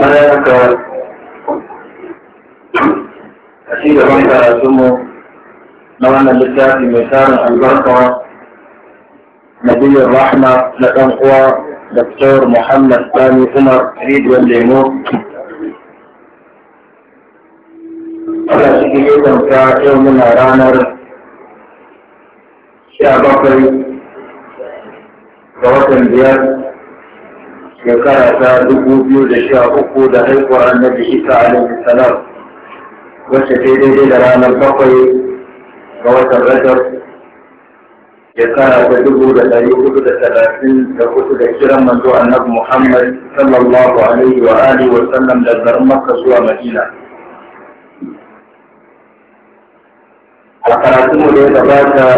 malaika a ci gaban karatunmu سمو wannan littafi mai tarin نبي الرحمة لكن هو دكتور محمد ثاني عمر ريد والليمو على شكيكم كيومنا رانر شعبكري كواتن بيار shekara ta dubu biyu da sha uku da haihuwar annabi isa alaihi salam wacce ta daidai da ranar bakwai ga watan rajab shekara ta dubu da dari hudu da talatin da hudu da kiran manzo annabi muhammad sallallahu alaihi wa alihi wa sallam da garin makka zuwa madina a karatunmu da ya gabata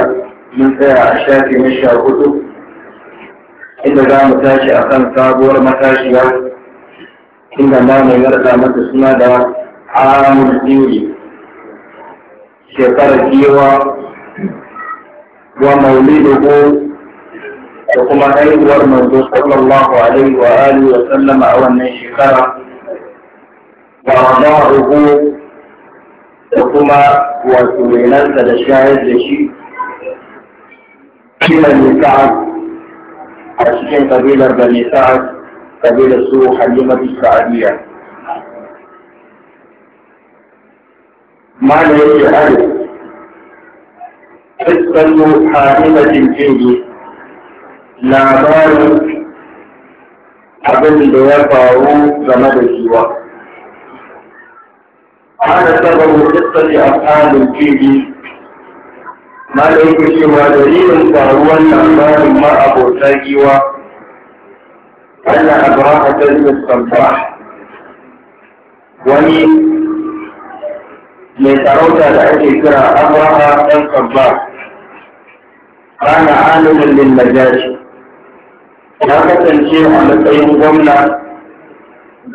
mun tsaya a shafi na sha hudu inda za mu tashi a kan sabuwar matashiya inda na mai yarda mata suna da amur tsiri shekarar kewa wa maulidu da kuma haihuwar manzo sallallahu alaihi wa alihi wa sallama a wannan shekara wa radahu da kuma wato renansa da shayar da shi kima ne ka'a a cikin kabilar bani sa'ad kabilar su halimatu sa'adiyya mana yake ari fitsallu halimatin jinji labarin abin da ya faru game da jiwa ana sababu fitsalli a halin malayin ku cewa dalilin faruwar labarin ma abota giwa Allah abraha ta zuwa wani mai sarauta da ake kira abraha ɗan sabba ana alimin lil najashi ya kasance a matsayin gwamna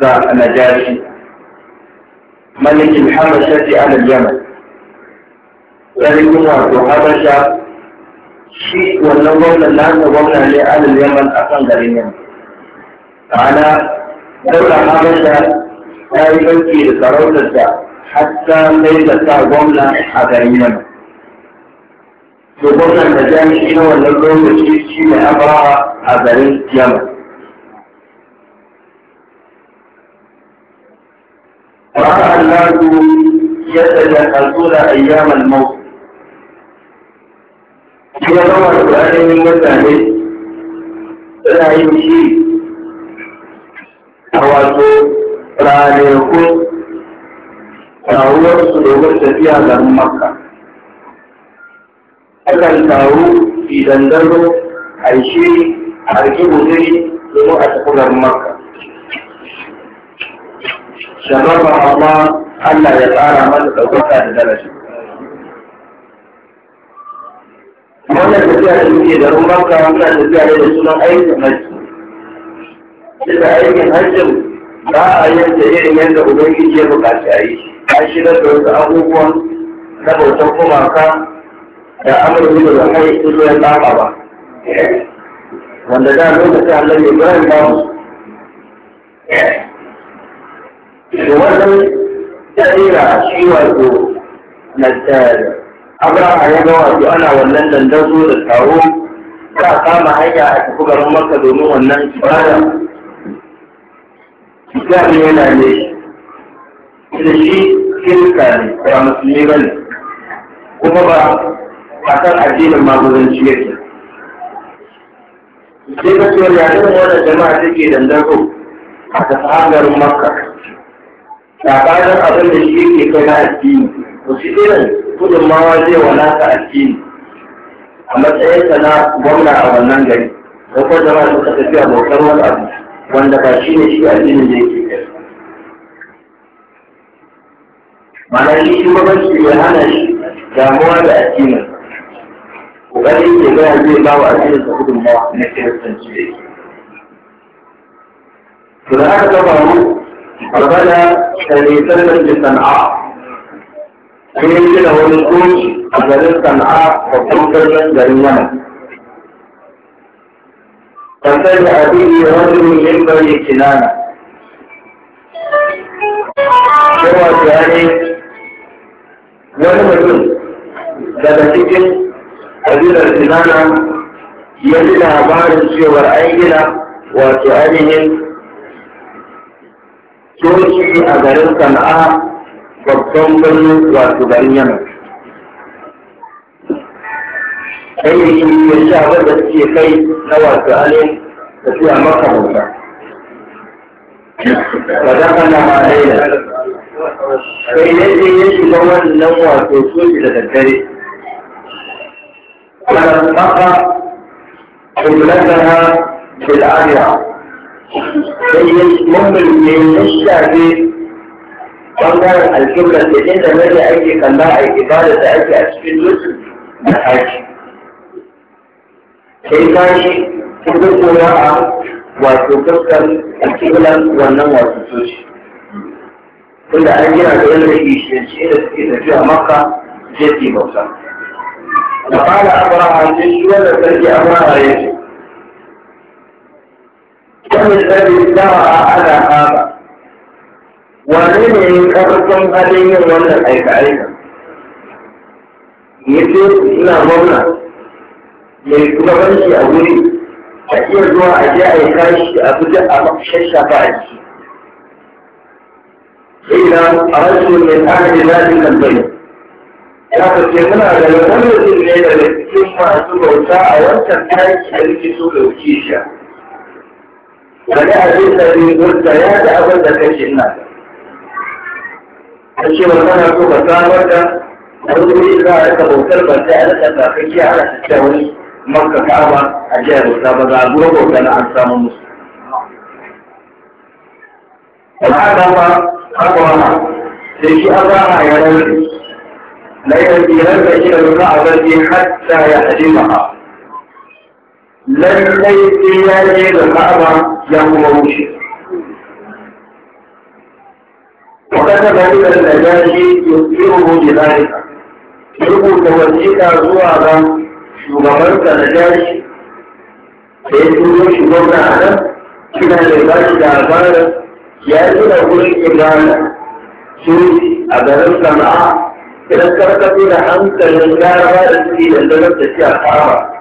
ga najashi malikin habashati ala yaman garin yin wato habasha shi wannan gwamnan na ta gwamna ne alil yaman a kan garin yamma, ma'ana daura habasha ta yi banki da sarautar da hatta mai da sa gwamna a garin yaman to gwamnan da shi na wannan lokaci shi ne abawa a garin yamma. Ba a yaman رأى الناس يتجهزون أيام الموت kuma zama da ainihin mutane suna yin shi a wato ranakun rawuwarsu domin tafiya garin makka akan taru idan daro a yi shiri a riƙi guzuri domin a tafi garin makka shababa amma Allah ya tsara masa ɗaukaka da daraja wannan tafiya da muke da ruwan maka muna tafiya ne da sunan aikin hajji da aikin hajjin ba a yin da irin yadda ubangiji ya buƙaci a yi a shigar da wasu abubuwan na bautar kumaka da amurki da zama ya iso ya lama ba wanda da lokacin Allah ne bayan ba mu da wannan tsira shi wato na tsari a ga a yaga ana wannan dandazo da taro za a kama hanya a tafi garin maka domin wannan ibada islam yana ne da shi kirka ne ba musulmi ba ne kuma ba a kan addinin maguzanci yake sai ka ce yanzu wannan jama'a take dandazo a tafi garin makka tsakanin abin da shi ke kai na addini wasu irin mawa zai wa nasa addini a matsayinsa na gwamna a wannan gari da kuma zama suka tafiya bautar wani abu wanda ba shi ne shi addinin da yake kai ma'ana shi shugabanci ya hana shi damuwa da addinin ƙoƙarin ke gaya zai ba wa addininsa mawa na kiristanci da yake to da aka gaba mu albana ta nisan da sana'a sai yi gina wani coci a garin sana'a babban birnin garin yaman fasar da abin da wani muhim bari kinana yawa tare wani mutum daga cikin ƙabilar kinana ya ji labarin cewar an gina wato ainihin coci a garin sana'a babban birnin wato garin yaman kayayyakin da sha wadda suke kai na wato su tafiya maka bauta wadakana ma laila sai yadda ya shiga wannan wato soji da daddare wadda maka kulatana bil'ariya sai ya mamman ne ya shafe ɓangaren alƙiblar da inda mai ake kalla a ibada da ake a cikin dutse na haji sai ka yi kuɗin a wato fuskar alƙiblar wannan wato soci tunda an gina da yadda ke shi da suke tafiya maka jefi bauta da fara a ne shi wanda sarki abraham ya ce wani sarki dawa ala haba wane ne ya karfin halin yin wannan aika-aika ya ce ina gwamna mai banki a wuri a iya zuwa a je a yi kashi a fita a shashafa a ciki ina a rashin mai tsara da kan bane ya kace muna da wani ne daga cikin masu bauta a wancan aiki da nake so da wuce shi. Wani abin da ne gurta ya ga abin da kake ina da. ta ce wa kana so ka samar da wani wuri za a rika bautar ba sai a rika kafin ya ana tafiya wani makka ka'aba a jihar musa ba za a gura bauta na an samu musu. Wani haka ma haka wana sai shi an zama ya rarrabe. Na yi rarrabe da shi da musa a zargi hatta ya haɗe ma'a. Lallai sai ya je da ka'aba ya kuma wuce. وكتب إلى النجاشي يخبره بذلك يقول توجيك زوارا شغبانك نجاشي فيقول شغبنا على كنا لباش دعبارة يأتي لكل إبرانا سوري أبرم سمعا تذكرت إلى أنت لنجارة التي لنجارة تشاء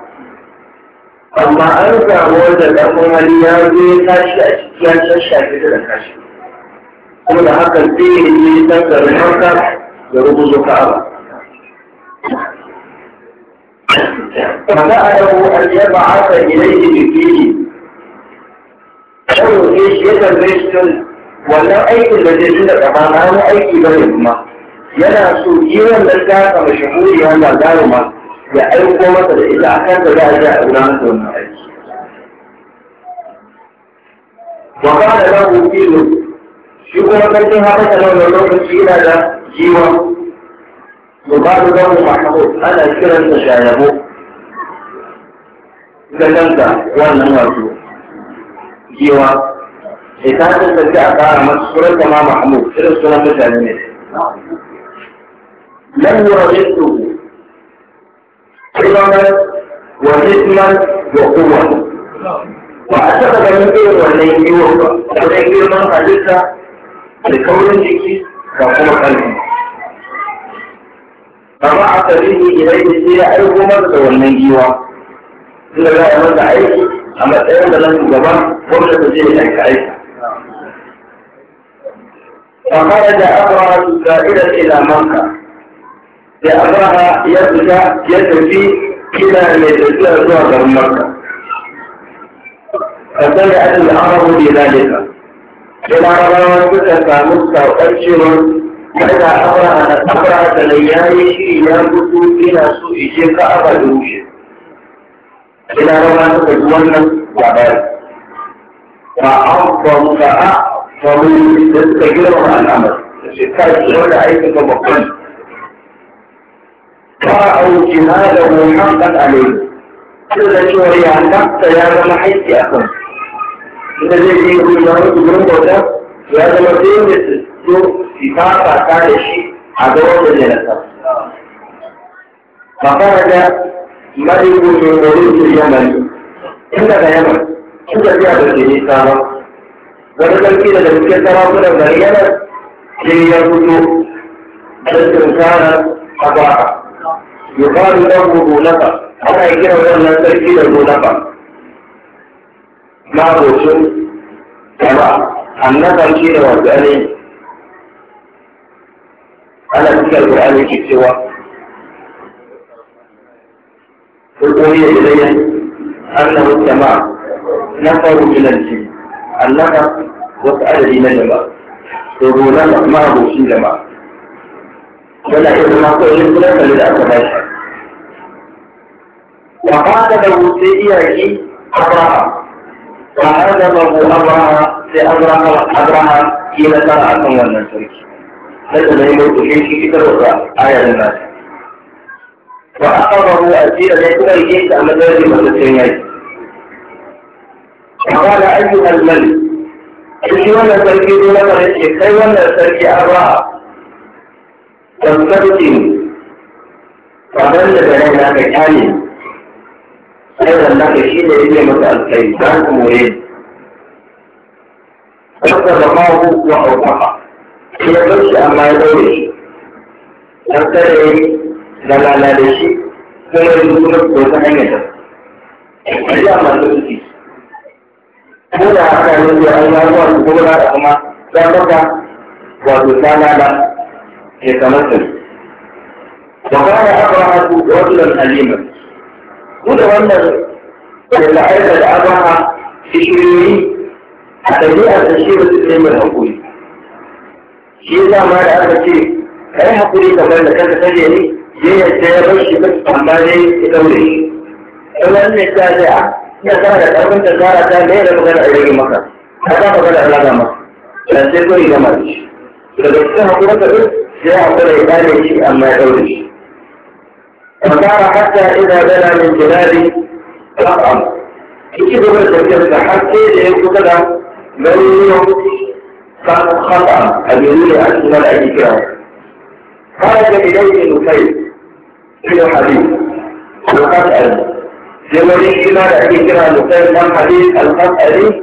amma an samu wanda ɗan hali ya zo ya tashi a cikin shashafi da kashi da haka sihiri ne dan garin makka da rubuzo ka'aba فسأله أن يبعث إليه بفيه قالوا إيش يتنبيشتن ولا أيك الذي عندك aiki ba ne kuma, yana so yi wannan gasa mashahuri wanda zaruma ya aiko masa da ita a kan da za a a gudanar wannan aiki. Wa shi kuma sarkin habasha na wannan lokaci yana da jiwa Mubadu Zamu Mahmud ana kiransa shayabo gaganta wannan wato jiwa sai ta tantance a masa masu ta ma Mahmud irin sunan mutane ne lam yurajitu kimanan wa hikman wa quwwa ba a taɓa ganin irin wannan yiwuwa ba girman halitta da kaurin jiki ga kuma kalbi amma a ne idan ya sai ya aiko masa da wannan giwa inda za a masa aiki a matsayin da nan gaban gwamnati zai aika aiki. amma yadda abuwa su za'ira ila manka da abraha ya fita ya tafi ila mai tafiya zuwa garin manka fasari adil arabu na jesa. كما رواه كتب مسكى وابشر ماذا أرى أن أقرأ تليالي في أيام كتب إلى سوء جيك أبا دوشي كما رواه كتب مسكى وابشر فأعظم فأعظم تستجير عن الأمر الشيطان يقول عيسى كما قلت فأعو جهاده حقا عليه كل شوية نقطة يا رمحيتي أخذ inda zai je ya wani gudurin bauta ya zama sai dole su so su ta fafata da shi a ga wanda zai nasa. Makara da malibu mai gori su yamani, tun daga yaman, tun da biya da ke nisa ba. Wani sarki da da suke sarakunan gari yanar sai ya fito da tunkara a ba. Yukaru don gudu ba, ana yi kiran wannan sarki da gudu ba. makocin kama annaban ce da wasu ne ana cikin alƙur'ani ke cewa ƙoƙoni ya yi zai annabin kama na faru ginan ce annaba wasu adadi na jama to na mahaifocin jama yana iya zama kawai yin kula kalli da aka bashi wa ba da rubuce iyaki abraham فعلمه أبرهة لأبرهة أبرهة حين ترى أنه من الشرك لكن هي موت شيء كتر آية للناس وأخذه أسير ليكون إليك أمدار من السنين فقال أيها الملك shi wannan sarki ne na fara ce kai wannan sarki an ra'a tamsarki ne ba da da rai na ka kyale sai da shi ne yake masa alkai dan kuma ne haka da mahu wa aukaha shi ya bar shi amma ya daure shi dan kada ya shi kuma ya zuwa ko ta hanyar da ya masu suke ko da an kuma ya duka wannan la'aikar da aka ha shiyoyi a ɗabi'ar da shi su ne mai haƙuri shi ya zama da aka ce ka haƙuri kamar da kanka kaje ne ya yadda ya bar shi amma dai ya ɗaure shi ɗauran ne ta zai a ina kana da ƙarfin ta zara ta ne da magana a rage maka ta za magana a laga ma. dan sai kawai gama da shi daga cikin haƙurin ka duk sai haƙura ya ɗane shi amma ya ɗaure shi فصار حتى إذا بلى من جلاله رقم إيش دبر تركيز حتى إذا كده مريم كان خطأ أميرية أسمى الأجيكرة خرج إليه نفيل في الحديث القتل لمن إما الأجيكرة نفيل من حديث القتل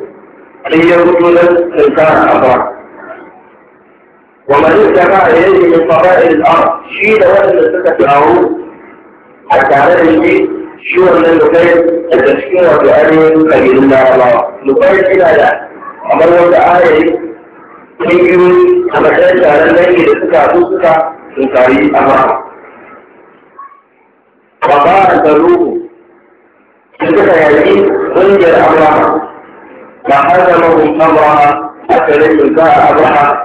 هي رجل إنسان أبرار ومن اتبع إليه من قبائل الأرض شيل وزن السكة في a tare da shi shi wannan lukai daga cikin wato ainihin kabilun larabawa lukai yana da kamar wata ayayi ƙungiyoyi a matsayin taron dangi da suka zo suka tunkari a mara. Babara da ruhu da suka yaƙi ƙungiyar Abraha ba a zama mahun Abraha aka rikin ka a Abraha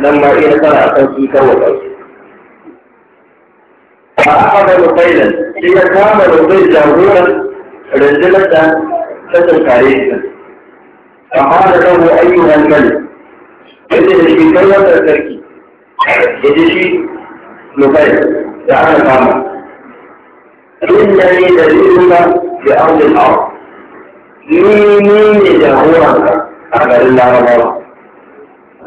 nan ma iya sana a kan su kawo kansu. ba a haɗa rufailan shi ya kama rufai jagoran rundunar da ta tunkare shi a haɗa rahu ayyukan mali yadda da shi kai wannan sarki ya ji shi rufai da aka kama إنني دليلك بأرض الأرض نيني لجهورك أبدا لا رباوة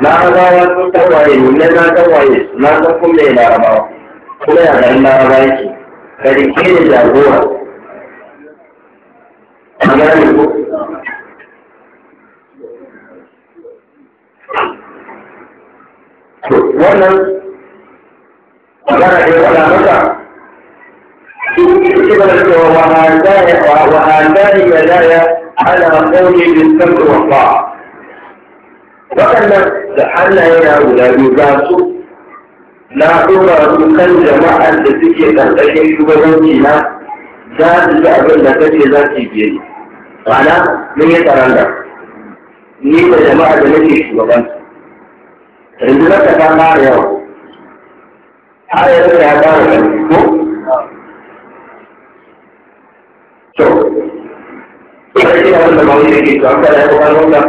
لا رباوة توايل لنا توايل ما تقوم لي لا رباوة kuma ya garin laraba yake garin ke da jagora a gane ko wannan magana da ya faɗa maka وهذان يداي على قولي بالسمع والطاعة وأن لحل إلى أولادي باسو na ɗora su kan jama'a da suke ƙarƙashin shugabanci na za su ji abin da kace za su biye ma'ana mun yi taranda ni da jama'a da nake shugaban rundunar ta ta fara yawa har yanzu ya fara da ko to ina shi abin da mawuyi ke to an fara ya kuma wanda?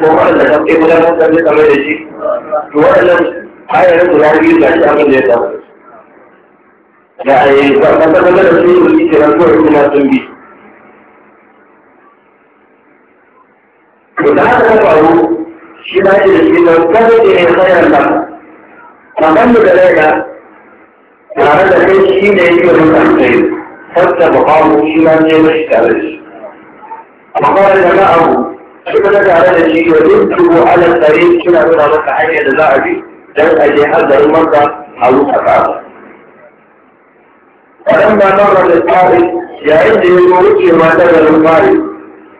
ko wanda ta fi gudanar da shi kamar da shi to waɗannan ayar guda biyu ga shi abin da ya samu da a yi kwanta ta da su yi kiran kawai suna sun bi to da haka ta faru shi na ce da shi don kada ke ne sayar da kamar da daga tare da kai shi ne yi rukun kai fasta ba shi na ce mashi tare da shi amma kawai da na abu shi na tare da shi yau duk tuwo ala yi suna nuna maka hanyar da za a bi dan ake hadarin maka a rufa kawo. Waɗanda ba na rada tsari yayin da ya zo wuce mata da rufari,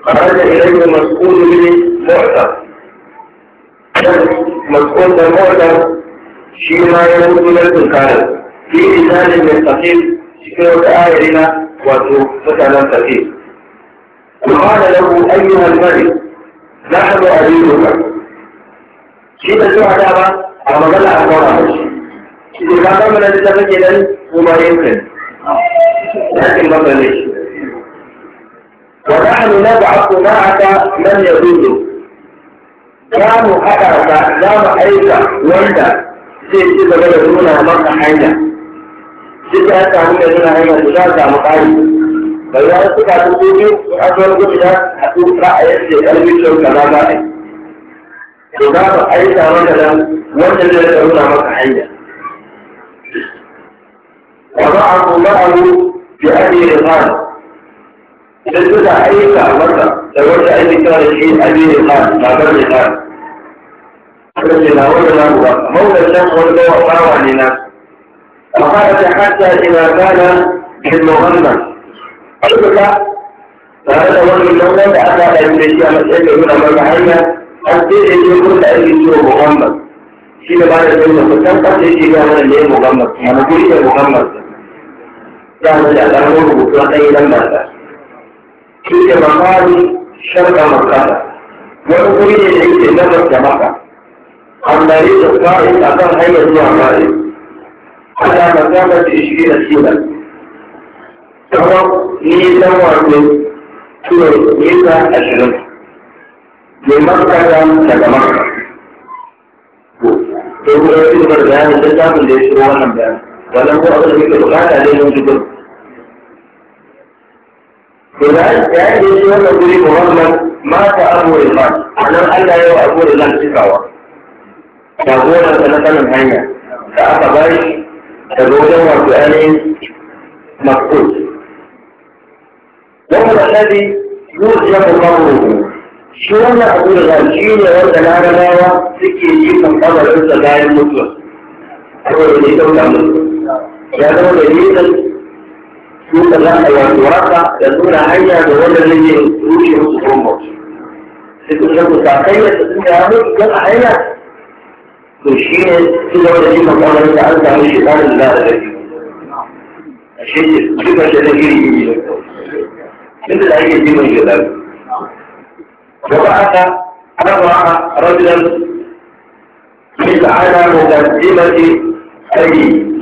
kamar da ilai da masu ne mota. Dan masu da mota shi ma ya mutu na tunkarar, fi ne mai tafi cikin wata ayari na wato mutanen tafi. Kuma da lagu ayyuhan mari, za a zo a rinuka. Shi da zuwa dama a magana a kawo a shi shi ne kakar mana da tafi ke nan kuma yankin yankin bakale shi wa nahnu nab'athu ma'aka man yadudu za mu haɗa ka za mu aika wanda zai ci gaba da nuna maka hanya shi ta samu da nuna hanya su za samu ƙari bai za su ka tuko biyu a zuwa gudu a haɗu ra'ayin da ya ƙarfi shi ka zama ɗaya to za ka aika maka nan wanda zai nuna maka hanya wa ba a kuma abu bi abi rizal idan suka aika maka da wanda ake kira da shi abi rizal babar rizal suka ce na wanda na kuwa maulan nan wanda wa bawa ne na فقالت حتى إذا كان بالمغنى قلت لا هذا هو المولد أتى إلى الشيخ يقول أمام عينه an sai da yake kuma da ake ciwo muhammad shi da ba da sai da kusan kasa yake ga mana ne muhammad mana guri da muhammad ya mu da alamun rubutu a ɗaya nan ba shi da mahali sharɗa makana wani guri ne da yake nan da maka an da yi da tsari a kan hanyar zuwa mare ana magana da shi da shi da kamar ni dan wato turai nisa ashirin لمكة daga Makka. To, kuma yake da bayanin da samun da ya shiro wannan bayanin. Wannan ko abin da muke bukata ne mun jikin. To, da ya yi da shi wannan guri Muhammad mata Abu Rahman, a nan Allah ya yi wa Abu Rahman cikawa. Jagoransa na sanin hanya, da aka bari daga wajen wasu ainihin makus. Wannan alladhi yusuf ya kuma shi wannan abu da za shi ne wanda larabawa suke yi kan kabarinsa bayan mutuwa da ne dauka mutu ya zama da nisan su da za a yi waraka da nuna hanya da wanda zai yi rushe musu kuma sai kun zama sakai da su ya mutu kan a hanya to shi ne su zama da yi kabarinsa an samu tsarin da za a yi a shi ne duka shi da iri iri da ake jimin shi da وبعث أربع رجلا من على مترجمة أبي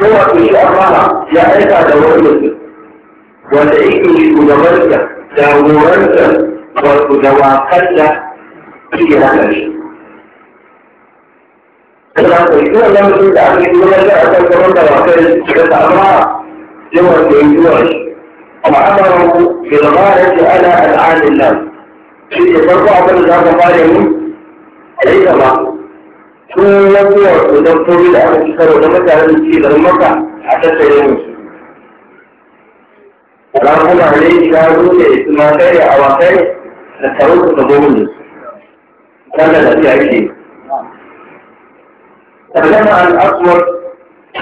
سورة الأمارة يا أيها دولتك والإنجلي كدورتك دورتك والكدواقتك في هذا الشيء Kalau itu adalah sudah kita lakukan dalam kerana kita sama, jauh lebih luas. وعمروا في الغاية على العان الله في تبرع بل هذا قال ليس ما كل يوم تدبر الأمر كثير ولم تعلم في المكة حتى تلمسه رغم عليه شهادوا لإسماعيل أواخر لتروك تضمن كان الذي عيشه تكلم عن أصور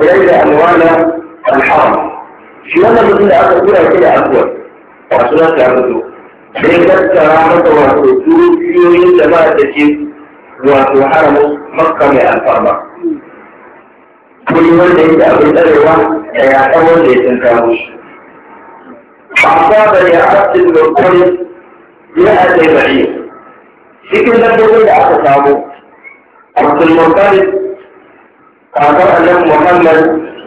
بين أموال الحرم shi wannan mutum da aka tura shi da abuwa wasu na ta mutu sai tattara masa wato dukiyoyin da ba da ke wato haramun makka mai alfarma kuma wanda yake abin tsarewa da ya san wanda ya san kawo shi amma da ya abdul mutum ya a sai bari cikin dabbobin da aka samu abdul mutum kakar annabi muhammad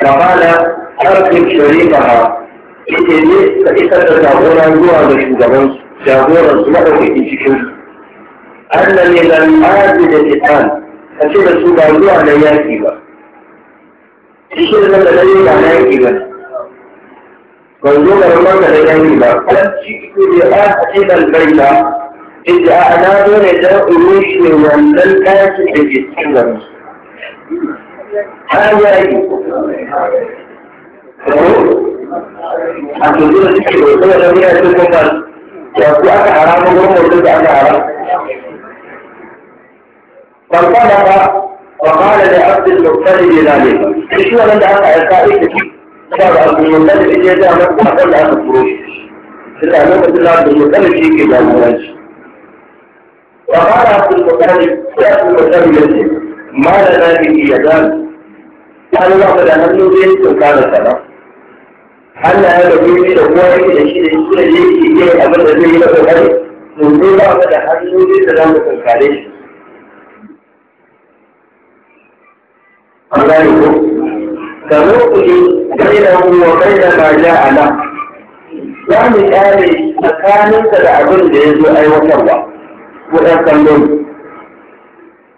kamala harfin shari'a ita ne ka isar da jagora zuwa da shugaban jagoran su maɗaukakin cikin su Allah ne lan azi da titan ka ce da su ba zuwa na yaki ba cikin nan da dai ba na yaƙi ba ban zo ga ruwan da yaki ba kan ciki ne a ce dan baita inda a na zo ne da urushe wannan ɗakin da ke cikin garin آية a tuzu da suke hoto da wani yanzu kuma ya ku aka haramun gurin hoto da aka haram. Farfa da ba, wa da abdul muktari ne zane, shi shi wannan da aka aika aiki shi, ba da abdul muktari shi ne zama kuma kan da aka turo shi. Shi da lokacin da abdul muktari shi ke jagoranci. Wa fara abdul muktari, shi abdul muktari ne ma da na bi iya zan an ba da hannu zai sun kama sana Allah ya da kuma da kowa yake da shi da shi da yake iya abin da zai yi na kokari to zai ba ka da hannu zai da zamu kankare shi an gane ko ka rukuni bainahu wa baina ma a nan. za mu kare tsakaninka da abin da ya zo aiwatarwa ko ɗan kallon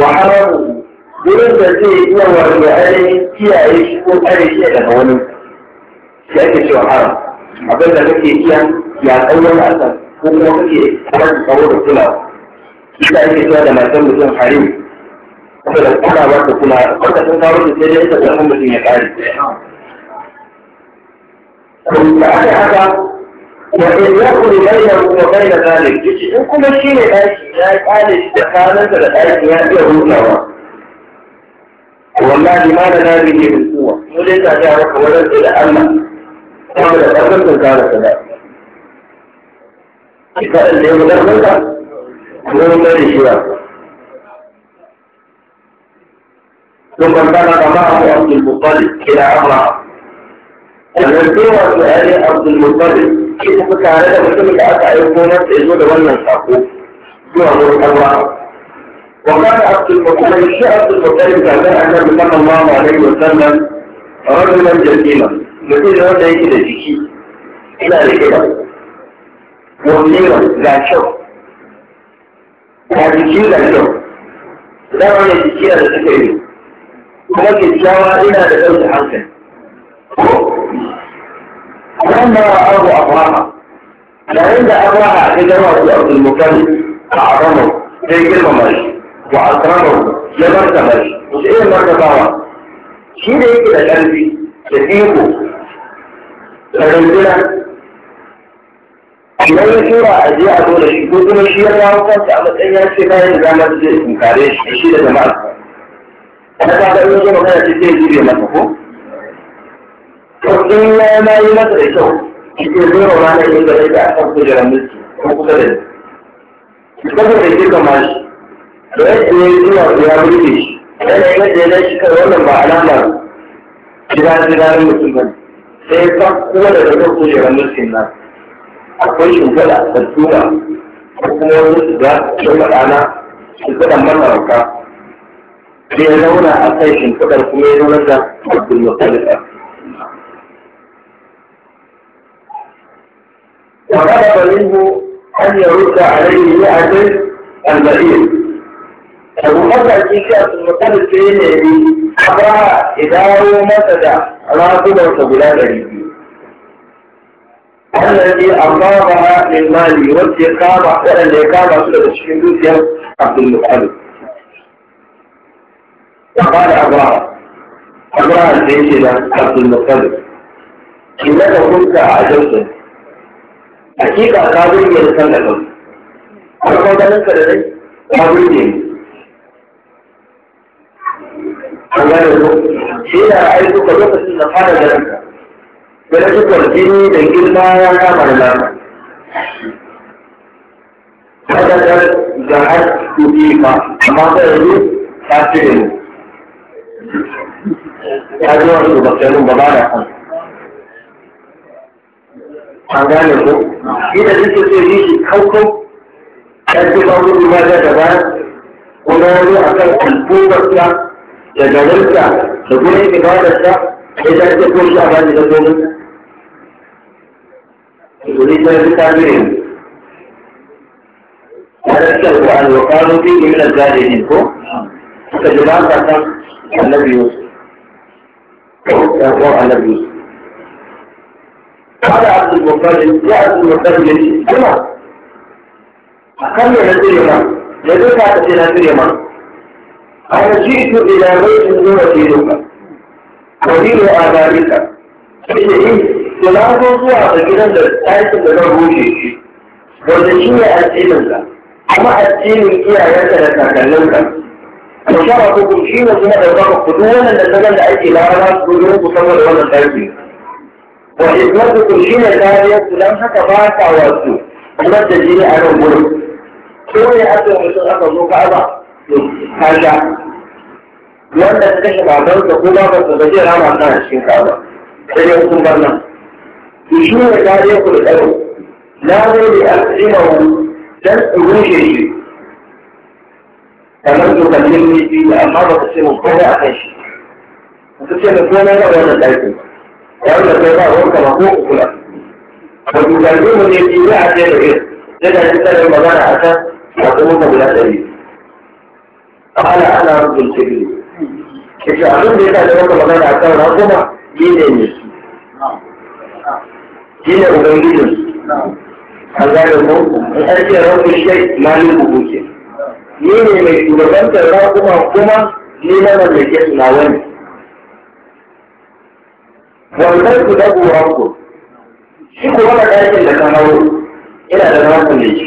وحرمه gurin da zai iya wanda ainihin kiyaye shi ko tsare shi daga wani shi ake cewa kake iya ya tsawon Allah ko kuma kake kamar da tsawo da kulawa shi da ake cewa da matan mutum harim saboda kulawa da kulawa wanda sun kawo da sai dai ita ya kare. Kuma aka haka وإن يكن بينه وبين ذلك إن كما شيء لأيك يا قال استخانة لأيك يا بيهودنا والله لماذا لنا به من قوة وليس أجارك ولن إلى أما قبل أن كان كذلك إذا اللي يمدخلك هو من الشراء ثم انطلق معه عبد المطلب إلى عمران الذي هو سؤال عبد المطلب shi ku tare da mutumin da aka aiko masa ya zo da wannan sako zuwa wurin Allah وكان عبد المطلب الشيخ عبد المطلب كان النبي صلى الله عليه وسلم رجلا جسيما mutum ne wanda yake da jiki ina da kiba wasiwa ga kyau ga jiki ga kyau dama ne jiki da suka yi kuma kyakkyawa ina da ɗauke hankali لما رأاه أبراها لأن أبراها تجرى أرض المكان أعظمه زي كلمة ماشي وأكرمه يبرت ماشي مش إيه المرتبة shi da yake da ƙarfi da iko da runduna idan ya tura a je a zo da shi ko kuma shi ya kawo kansa a matsayin ya ce bayan da zama zai tunkare shi da shi da jama'a ta ta ga in zo magana ce zai zube ko to in ya na yi masa da kyau ke zai rauna na yin gare da akan kujerar mulki ko kusa da shi saboda ke kama shi da yadda ya yi zuwa ya mulke shi yanayin yadda ya dashi kai wannan ba alama gida gidanin mutum ba sai ya kuma da daga kujerar mulkin nan akwai shugaba da tura ko kuma wani shiga da faɗana shimfiɗan masarauta sai ya zauna a kan shimfiɗar kuma ya zauna da abdulmutalika وطلب منه أن يرد عليه مئة البعير أبو بكر في كأس المطلب في النبي أبرا إدارة مسجد راكبا سبلا غريبي الذي أرضاها من مالي والتقامة فإن الإقامة سورة الشهدوث عبد المطلب فقال أبرا أبرا الجيش عبد المطلب إنك كنت عجبتني hakika ka burge ni kan da kan farkon ganin ka da dai ka burge ni an gane ko shi da ra'ayi ka lokacin da fara da ranka da na tukar jini da girma ya kama da lama madadar ga haɗu kuɗi ba amma ta yanzu ta ce ne. ta ji wasu bakcinin ba ba da kansu. an gane ko ina nake zai yi shi kaukau ya ce ba wani ma da gaba kuma wani a kan al'ummarsa da garinsa da gurin ibadarsa ya ta ce ko shi a bani da gomin Tuli ta yi ta biyu. Ya rasa ko alwakaru bi min al-zalimin ko? Suka ji ba ka san annabi Yusuf. Ko annabi Yusuf. هذا عبد المطلب يا عبد المطلب يجي كما أكمل نزيل ما يدوك هذا في نزيل da أنا جئت إلى بيت نور دينك ودين آبائك إيه Tuna zo zuwa ga gidan da ɗakin da zan bushe shi, wanda shi ne addininka, kuma addinin iyayenka da kakanninka. Ka shara hukum shi ne kuma da zama kudu wannan da da ake larabar su saboda wannan ɗakin. وإثباتكم shi ne kariyarsu don haka ba ta wasu kuma da jini a nan gurin ko ne aka yi mutum aka zo ba ba kasha wanda ta kashe babansa ko ba ba ba zai rama kan a cikin kaba sai dai kun bar nan to shi ne kariyarku da tsaro na zo da al'imawu don tsoron shi kamar su kallon ne amma ba ta ce mu kowa a kan shi ta ce mu kowa na wannan ɗakin ba wanda sai ba ruwan kama ko kula ba su zargi mu ne biyu a ce da ke sai da shi tsarin magana a can a kuma ka guda ɗari ala ana rubin cikin ke shi abin da ya sa da maka magana a kan rakuma shi ne ne shi ne ubangijin an gane ko in an ce rakun shai malin buku ke ni ne mai shugabantar rakuma kuma ni na mallake su na wani wannan ku dabu ranku shi kuma da ɗakin da kan hau ina da nakun ne shi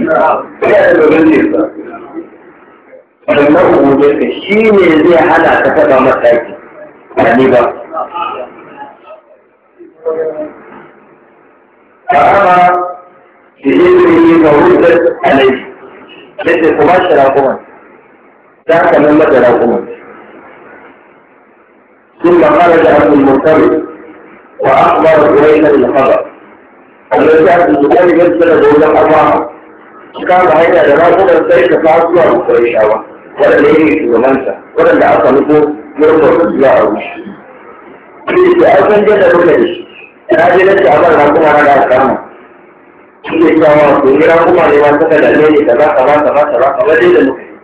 ina da domin ne sa wannan hukuncin ka shi ne zai hana ka taɓa mataki ba ni ba فأما بإذنه فوزت عليه مثل قماش راقما ذاك من مدى راقما Tun da halarta a cikin motsawa ba a bada kuma ya tafi nafa ba. Al-Mansur a cikin wani ƴan kula da wurin alfahawa. Ya kada a yi ƙadda, na saba da ta yi tafiyar da ta aske kuma ya kai da shawa, waɗanda ya yi mai shugabanta, waɗanda aka nufa goson biyu a rufe. Kullum da ta yi a san jiyar da ta tafi. Ya je yadda Amadu suna haɗa alƙalma. Kullum da ya yi sa,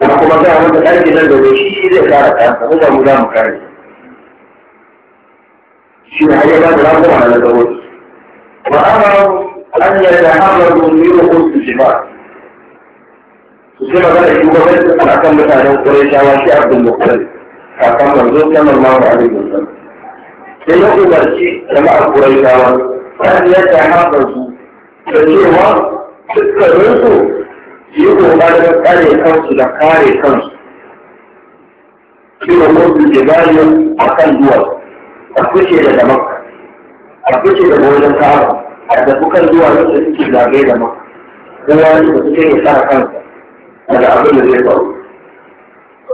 da kuma za a mata ɗarki nan da shi zai kare ta kuma ba mu za mu kare shi ne har yaba da ramuwa na zawo ba ana an yi da hamar domin ko su jima su ce magana shugabanci a kan mutanen ƙurayshawa shi abdul muttalib kakan manzo sallallahu alaihi wasallam sai ya umarci jama'ar ƙurayshawa an yi da hamar su da cewa dukkaninsu yi ƙoƙarin tsare kansu da kare kansu kira wasu jibali a kan duwar a fice da damak a fice da goyon kawo a tafi kan duwar da suke zagaye da maka kowa ne da suke ya sa kansa daga abin da zai faru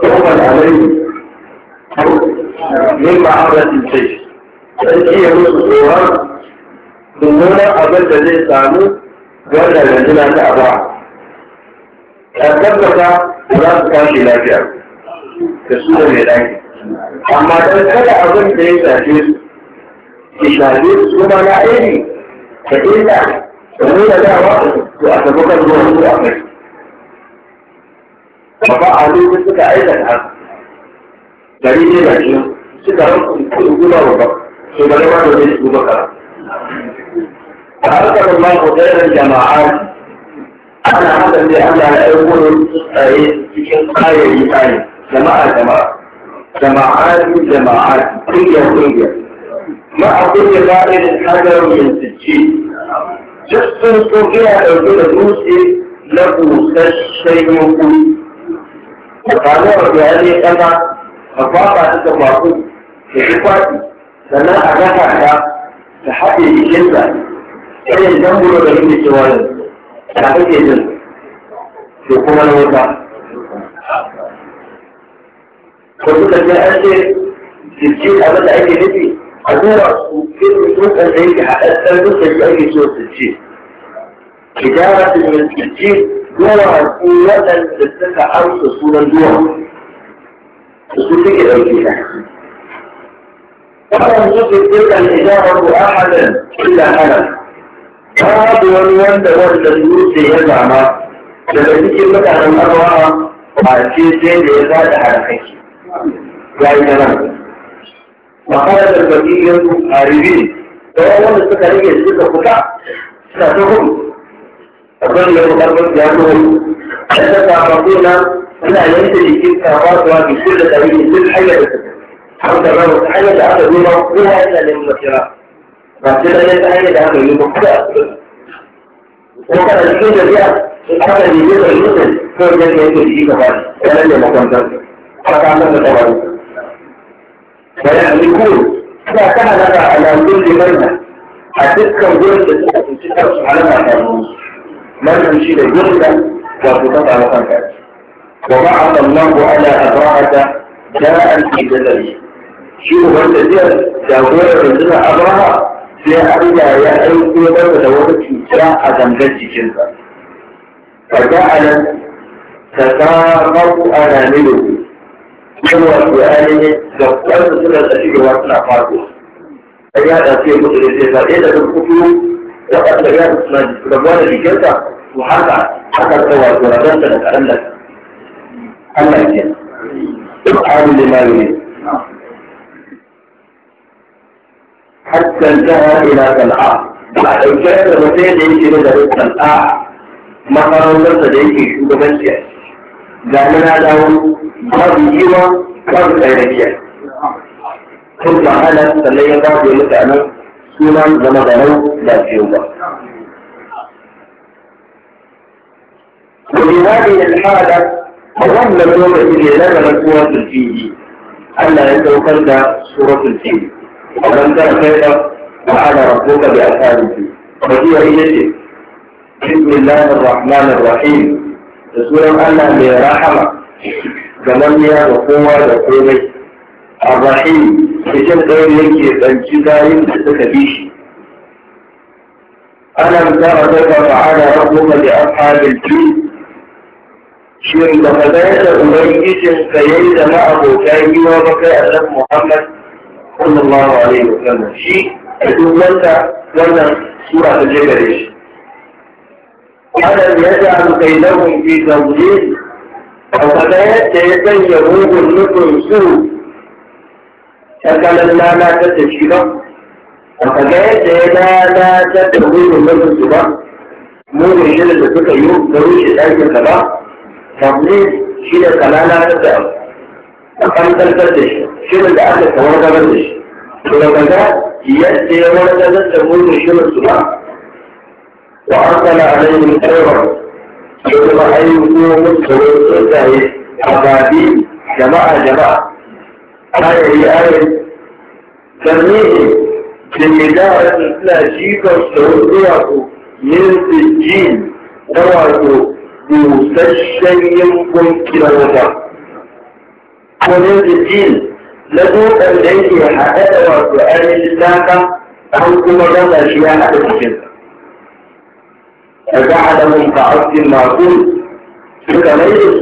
tsohon alai ne ba a rasin sai sai ke yi musu tsoron mummunan abin da zai samu wanda yanzu na ta ba ya tabbata ba za su kwashe lafiya da su da mai daki amma don kada abin da ya shafe su ki shafe su kuma na aini da inda da nuna dawa to a tabbatar da wasu a kai amma a lokacin suka aikata haka gari ne da shi suka rantsu kudu guda ba su gari ma da zai su makara. a harkar Allah ko ɗaya jama'a ana haka sai Allah da aiko ne eh, tsaye cikin kayayi kayi jama'a jama'a jama'ati jama'ati kungiya kungiya ma a kungiya zaɓe da hajar min sicci duk sun so kungiya ɗauke da dutse na busasshen yankuri tsakanin rabiya ne kama a fafa ta tabbaku da shi kwaɗi sannan a gasa ta ta haɗe jikinta irin dambulo da yake cewa yanzu da kake jin to kuma na wuta ko suka ce an ce jirgi abin da ake nufi a tura su irin dukkan da yake haɗaɗɗar dukkan da ake so su ce tijara su ne jirgi duwa su waɗanda suka amsa sunan duwa su suke ɗauke da فلم يجد تلك الإجابة أحدا إلا أنا babu wani wanda wanda dutse ya zama daga cikin mutanen arwa ba ce sai da ya ba da harkaki ya yi ta nan makarar da baki yanzu a ribi da wanda suka rage suka fita suka ta hudu abin da ya karfin ya zo an ta samu suna suna yanke jikin kama zuwa biyu da ɗari duk hanyar da suka har da rana hanyar da aka zo ma kowa yana neman masira ba ce da ya tsaye da aka yi ba kuda ko kana cikin tafiya in aka ne ya tsaye da ko da ya ko ji ka ba kana da makarantar ka ka nan da tabaru bayan ni ko ka kana da alamun limanna a dukkan gurin da suka tsinci kansu halama ta nan shi da gurin da wato ta samu kanka وبعث الله على أبرهة جاء في جدله شو هو الذي جاء من أبرهة sai Allah ya aike masa da wata cuta a gangar jikinsa. Kaga a nan, ka samu a ramiru, yin wasu ainihin gabbarsa suna tsashewa suna fato. Sai ya ɗafi ya mutu da sai ba ɗaya daga kuku da ɓata ya suna rabuwa da jikinsa, to haka haka ta wato ranar da ƙaran da Allah ya Duk Amin da ma yi har tantara ila ba a ɗaukiyar da mutum da yake da daga sana'a makarantarsa da yake shugabanci a ga muna dawo babu yiwa babu tsayarabiya tun ba hana sannan ya zafi mutanen sunan zama da nan da fiye ba. Wani ba da ya tsada a wannan lokaci ne na rarrakuwar sulfiyi Allah ya ɗaukar da suratul fiye. ولم تر كيفا وعلى ربك بأسابك وهي هي بسم الله الرحمن الرحيم سورة الله من رحمة زمنيا وقوة وقوة الرحيم cikin ɗaya yake tsanci bayan da suka bi shi. Alam tara a daga fa'ada rabuka da ashabin fi, Shin da ka zai da Ubangijin ka yayi da ma'abota yiwa ba kai Muhammad صلى الله عليه وسلم شيء يقول لنا لنا سورة الجبريش ألم يجعل كيدهم في تضليل أو فتيات يهود لكم سوء فكما لا ما تتشكيبا وفجأت إلى ما تتعود من السبا مو يشيل الزكاة يوم دروش الآية كلا تبليس شيل الكلا لا تتعود a kankantar da shi shirin da aka kawar gabar da shi to da kaga yadda ya warkar da mulkin shirin su ba wa arsala alaihim tsayawa ya kuma ayyuko musu da wasu tsuntsaye a babi jama'a jama'a ayayi ayayi tarmihi بالإدارة الإسلامية والسعودية من الدين دوات بوسشين يمكن كلا وجه ومن الدين لدو أبنائه حقائق وقرآن الإسلام أو كما جمع الشياء حتى تشد المعقول كعبد معقول فتميز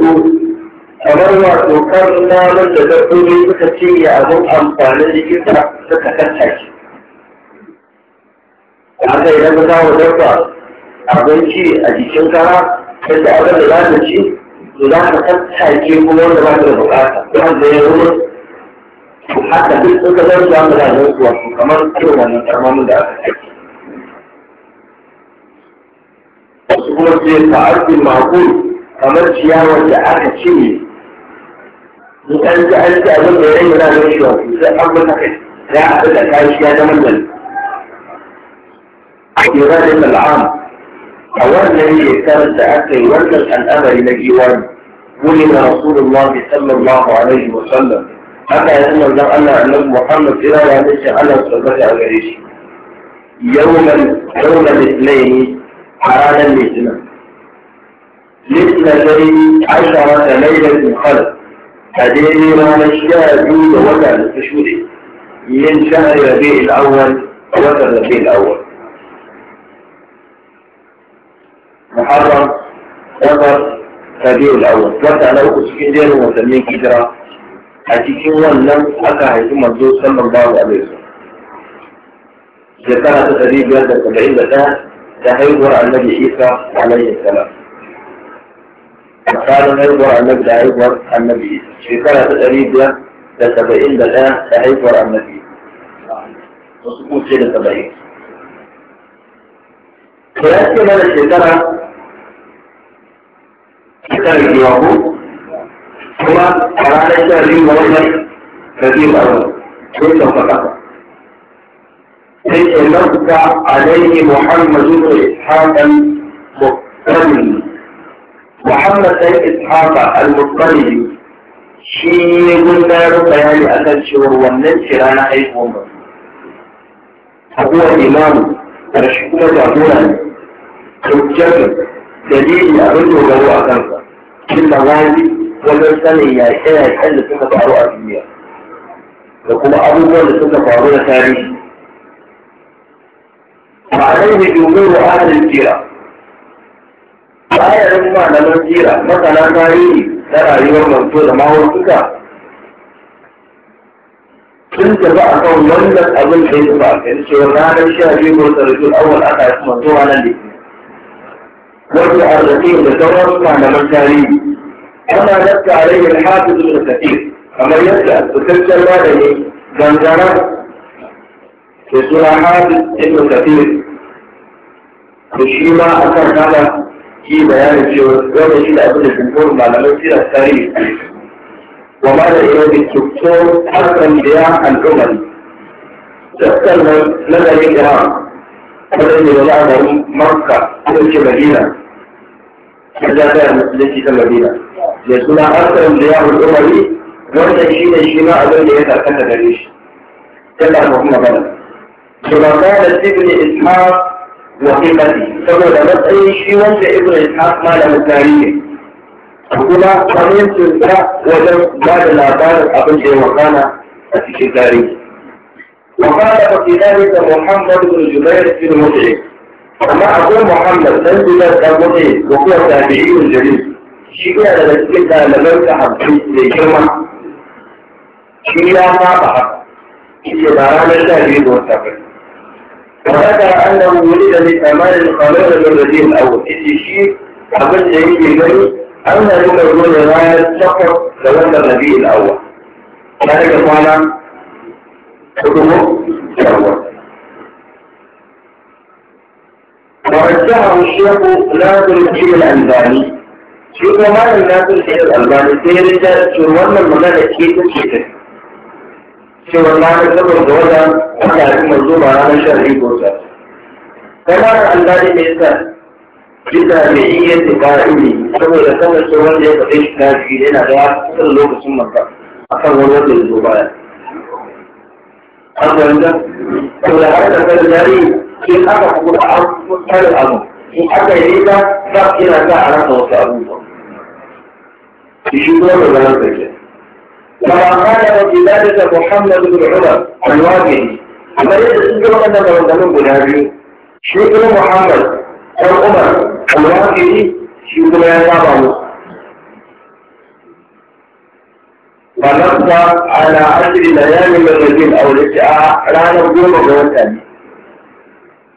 أمر وتكرنا من تدخل بكتي أبو أمطان لكتا فتكتك هذا إذا مدعو دفع أبنتي أجيشنك فتأذن لا تشد to za ka tattake kuma wanda ba ka da bukata wanda ya wuri haka duk sun ka zama zuwa da zuwa kamar irin wannan karmamin da aka tattake wasu kuma ce ta arzikin makul kamar ciyawar da aka cire in an ji an ji abin da ya yi na da shi wasu sai an mata kai ya haɗu da kayan shi ya zama nan. Ake zai da al'amu أول الذي يكترز أكل ونزل الأمى الذي يوان ولي رسول الله صلى الله عليه وسلم حتى يزن الله أن أنه محمد إلا يعنيش أن أصدقك أغريش يوم يوم الاثنين حرانا الاثنى الاثنى الذي عشرة ليلة من خلق هديني ما نشياء جود وزع من شهر ربيع الأول وزع ربيع الأول محرم ذكر كبير الاول متى لو كنت في دين ومسمي كجرا اتكين ولم اكا حيث مرضو صلى الله عليه وسلم ذكرها تقريب يدى التبعين لتا تحيبر عن النبي عيسى عليه السلام قال تحيبر عن نبي تحيبر عن نبي عيسى ذكرها تقريب يدى التبعين لتا تحيبر عن نبي عيسى وسكوت سيد التبعين فيأتي من الشيطرة akan jiwaku kuma a ranar sha biyu ga wannan rabi ba ba sun sauƙaƙa sai ke nafka alaihi muhammadu da ishaƙan muktari muhammad ɗan ishaƙa al-muktari shi ya gudanar bayani akan cewar wannan ce ranar haihuwar ba a kowane imamu ƙarshe kuma jagora ne hujjar dalili abin dogaro a kansa shin da wani wajen sanin yaƙe-yaƙen da suka faru a duniya da kuma abubuwan da suka faru da tarihi ma'anar da domin wa'adar jira ayarin malaman jira masana tarihi na rayuwar manto da mahaukuta sun za a kan wannan abin da ya tafi a kan cewa ranar sha biyu ko wata awon aka yi nan da ke. والمؤرخين لدورة كان مكانين أما ذكى عليه الحافظ من كثير أما يسأل تسجل عليه زنجره في سورة حافظ ابن كثير الشيما أثر هذا في بيان الجوز ولا شيء أبدا الجمهور مع المسيرة التاريخ وماذا يريد الدكتور حسن ضياء العمري تذكر من لدى الإجرام الذي يلعب مركز تلك مدينة مدافع المسلمين ta madina da suna asarin da yawon umari wanda shi ne shi ma abin da ya karkata gare shi tana da kuma bana shugaba da ibn ishaq wa qimati saboda matsayin shi wanda ibn ishaq malamin tarihi kuma fahimcin sa wajen ba da labarin abin da ya wakana a cikin tarihi وقال في ذلك محمد بن جبير بن مطعم amma akwai muhammad dan zubar dan mutse da kuma tabi'in jirgin shi yana daga cikin ɗaliban sahabbai da girma shi ya saba haka shi ba ranar sha biyu da wata bai وذكر أنه ولد من أمان القمر من الرجيم الأول إذ شيء أبن جميل بني أن يكون رواية شقر لولد النبي الأول ذلك قال حكمه الأول ورجحه الشيخ ناصر الدين الألباني شيخ مال ناصر الدين الألباني سير رجال شروان من مدى الشيخ الشيخ شروان مال ناصر الدولة وكا لكم منظومة على شرعي بوزا كما الألباني ليسا جدا بيئية قائمي سبو يسمى شروان ليه بقيش ناجي لنا غياب كل لوك ثم أكثر ولوك للزبايا أفضل أنت؟ أولا هذا فالجاري in aka kuma an tsare abu in aka yi ta za ina sa a rasa wasu abubuwa shi dole da nan take kama kana wa bilalika muhammad bin umar alwabi amma yadda sun ga wannan maganganun guda biyu shi kuma muhammad dan umar alwabi shi kuma ya saba mu فنقضى على عشر ليال من رجل او رجعه رانا بيوم غير ثاني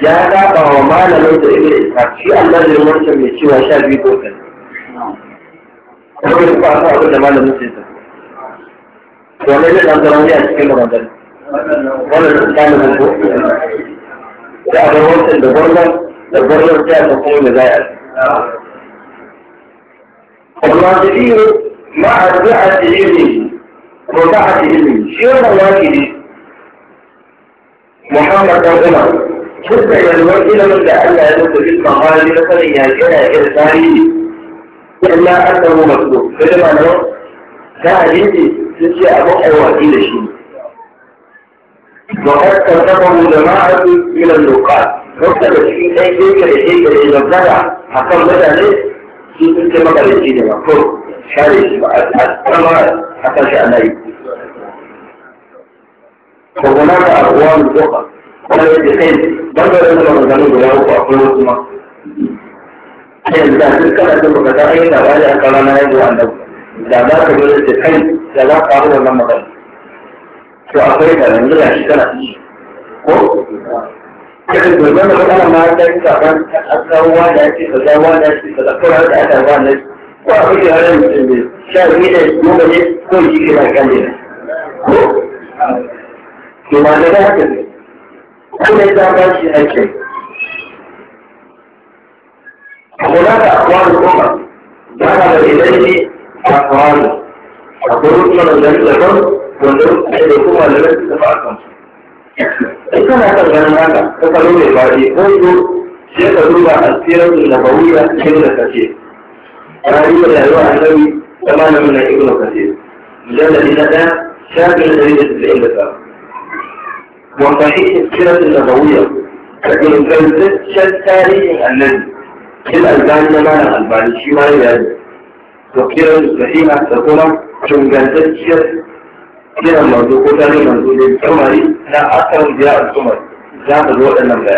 ya saba wa malamin da ibn ishaq shi annabi wancan mai cewa sha biyu ko kan kuma su ba sa abin da malamin sai ta to ne da dan zaman ya cikin ramadan wannan da malamin ko da abin wancan da gurnan da gurnan sai ta kuma da zai والواجبين مع رفعة علمه رفعة علمه شيء الواجب محمد بن عمر Kusa yalwar ilimin da Allah ya nufi ilmin hali na sanin ya kira ya tarihi. Illa an samu masu sai da nan, ta hadisi sun ce abin aiwaki da shi. Ba Wakar tattabaru da ma'azu ilan lokal. Kusa da shi ɗan shekara shekara ya zara a kan mutane su sun ce makarici da ba ko share shi ba a kama a kan shi a nari. Ko kuma ka abuwa mutuwa wanda yake kai don da wasu maganganu guda uku a kuma a yanzu da duk kana so ka ga ai da wani a kan na yau annabi da za ka zo da kai da za ka faru wannan magana to akwai da yanzu da shi kana ko kada ku zama magana ma ta yi kaban asawa da ake kaza wa da ake kaza da aka ba ne ko a kuke ranar mutum ne sha biyu da goma ne ko shi ke na kan ne ko ke ma da haka ne kuma ya ba shi na ce kuma da akwai kuma ba na da idan a kawai a kuma kuma da zai zaba wanda ya da kuma da zai zaba a kan su ita ganin haka ta kalu mai ba ne ko ko sai a tsirar da ba wuya cikin da ka ce a rayuwar da yawa a nari ta ma na muna ibn kasir mujallali na ɗaya ta inda ta وصحيح السيرة النبوية لكن شد تاريخ النبي في الألباني ما الألباني شيء ما يلازم وكيرا الصحيحة تكون شد كيرا مرضوك كتاني مرضوك السمري لا أكثر من بياء السمري لا الوقت النبوي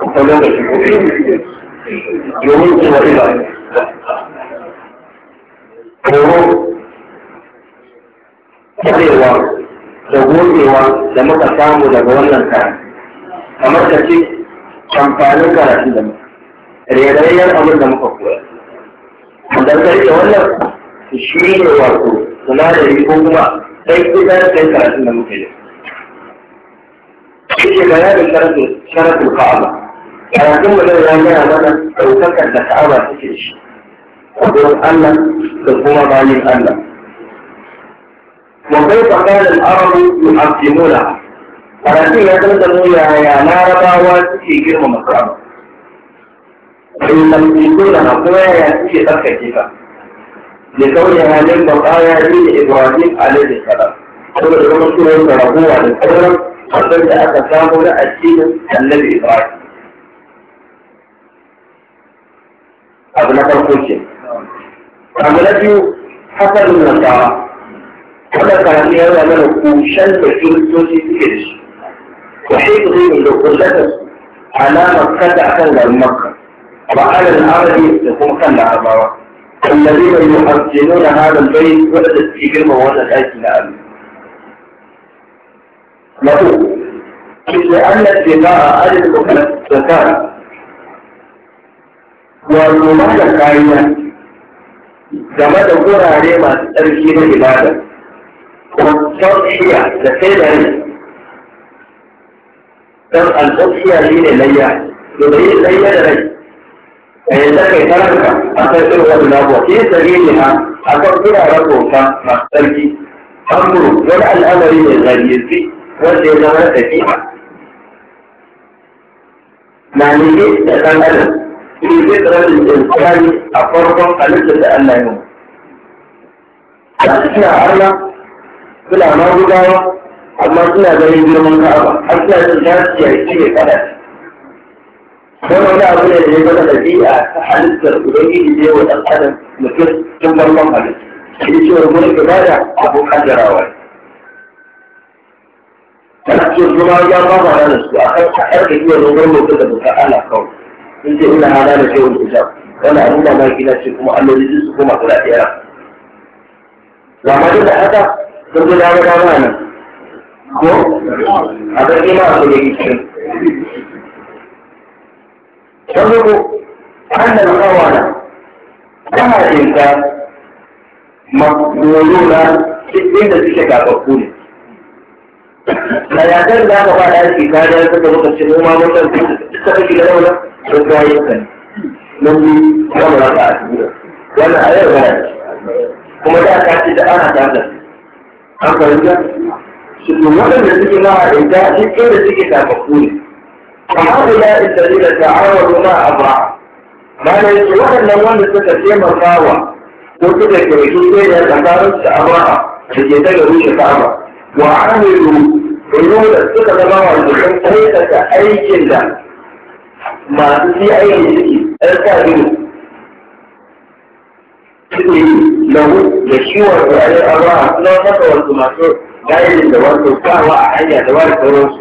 فلوك الشكوكين يوم الصحيحة kadewa da gobewa da muka samu daga wannan karatu kamar ka ce amfanin karatun da muka rairayen abin da muka koya da ka rike wannan shi ne wato sinadari ko kuma sai kudan sai karatun da muka yi shi ke karatun karatun ka'aba karatun mu zai yana mana ɗaukakar da ka'aba suke shi don Allah da kuma bayin Allah وكيف كان العرب يحكمونها karatun ya san da mu yaya larabawa suke girmama makaramu rinnan fito da na kuma yaya suke tsarkake ka da kawai halin bakaya ne da ibrahim alaihi salam saboda kuma sunan da raguwa da sauran abin da aka samu na addinin annabi biyu hasalin nasara وذكر فيها الأمل كوشان تكون في تكرش وحيث غير لو قلت على مكة أكل المكة وعلى الأرض تكون كان عبارة الذين يحسنون هذا البيت وعدت في كلمة وانا الآية لأمل نقول مثل أن الدماء أجل أكلت زكاة والممالة كائنة كما تقول عليه ما tsarki na ibada da تسير don al'ufiya shi ne layya yadda yin layya da rai a yadda kai taranka a kan irin wani labuwa shi tsari ne ha a kan turaren bauta masu tsarki amuru wani al'amari ne zariyarci wanda ya zama da tafiya na nige da ɗan adam shi zai tsararin jinsirani a farkon halittar da Allah yau. ya mu. Allah suna magudawa amma suna ganin girman ka'aba har suna jin za su shi ne kada don wani abu ne da ya zama ɗabi'a a halittar ubangiji da yawa ɗan adam mutum tun farkon halitta shi cewar gurin bada abokan jarawa ne tana ce kuma ya ba ma ranar su a kan ƙasar da iya zogon mutum da mutum ana kawai in ce ina hana da wani hijab wani abin da ma gina ce kuma allolin su kuma kula da yara. Zamanin da haka sun ji dama dama nan ko a zargi na su da ikin don zuku annan kawana ana jinta makoro na cikin da suke kafafu ne na yakar da aka faɗa shi ta da suka muka ce noma da suka fi gida yau na sun ga yi kan mun yi kama da ba a duniya wannan a yau gana kuma da aka ce da ana ta tafiya an fahimta su to waɗanda suke mahaɗinta shi kai da suke tafafu ne amma da ya isa ne da ta'awar ma a ba ma da yake waɗannan wanda suka taimaka wa ko suka kirki sai da tsakanin su a ba da ke daga rushe ka'aba wa amilu domin da suka zama wa jikin aikata aikin da masu siyayen suke ɗan sa biyu suke lahu da ciwon wato a a sunan masa wato masu gayin da wasu kawa a hanya da wani sauransu.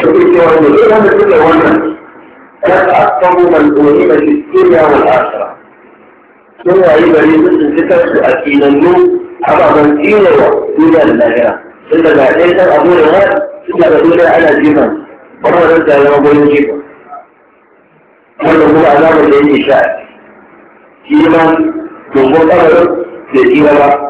Suke cewa da zai hana suke wannan, ya ta akwamu manzoni da shi duniya wal asara. Sun wayi gari sun tsinci kansu a tsinannu ababen tsinewa duniya da lahira. Sun daga ɗaya kan abu da wani يقول على الجمال وهو رد على ما قلنا جيبه هو على ما لديه شاء جيمان يقول أمر لديه ما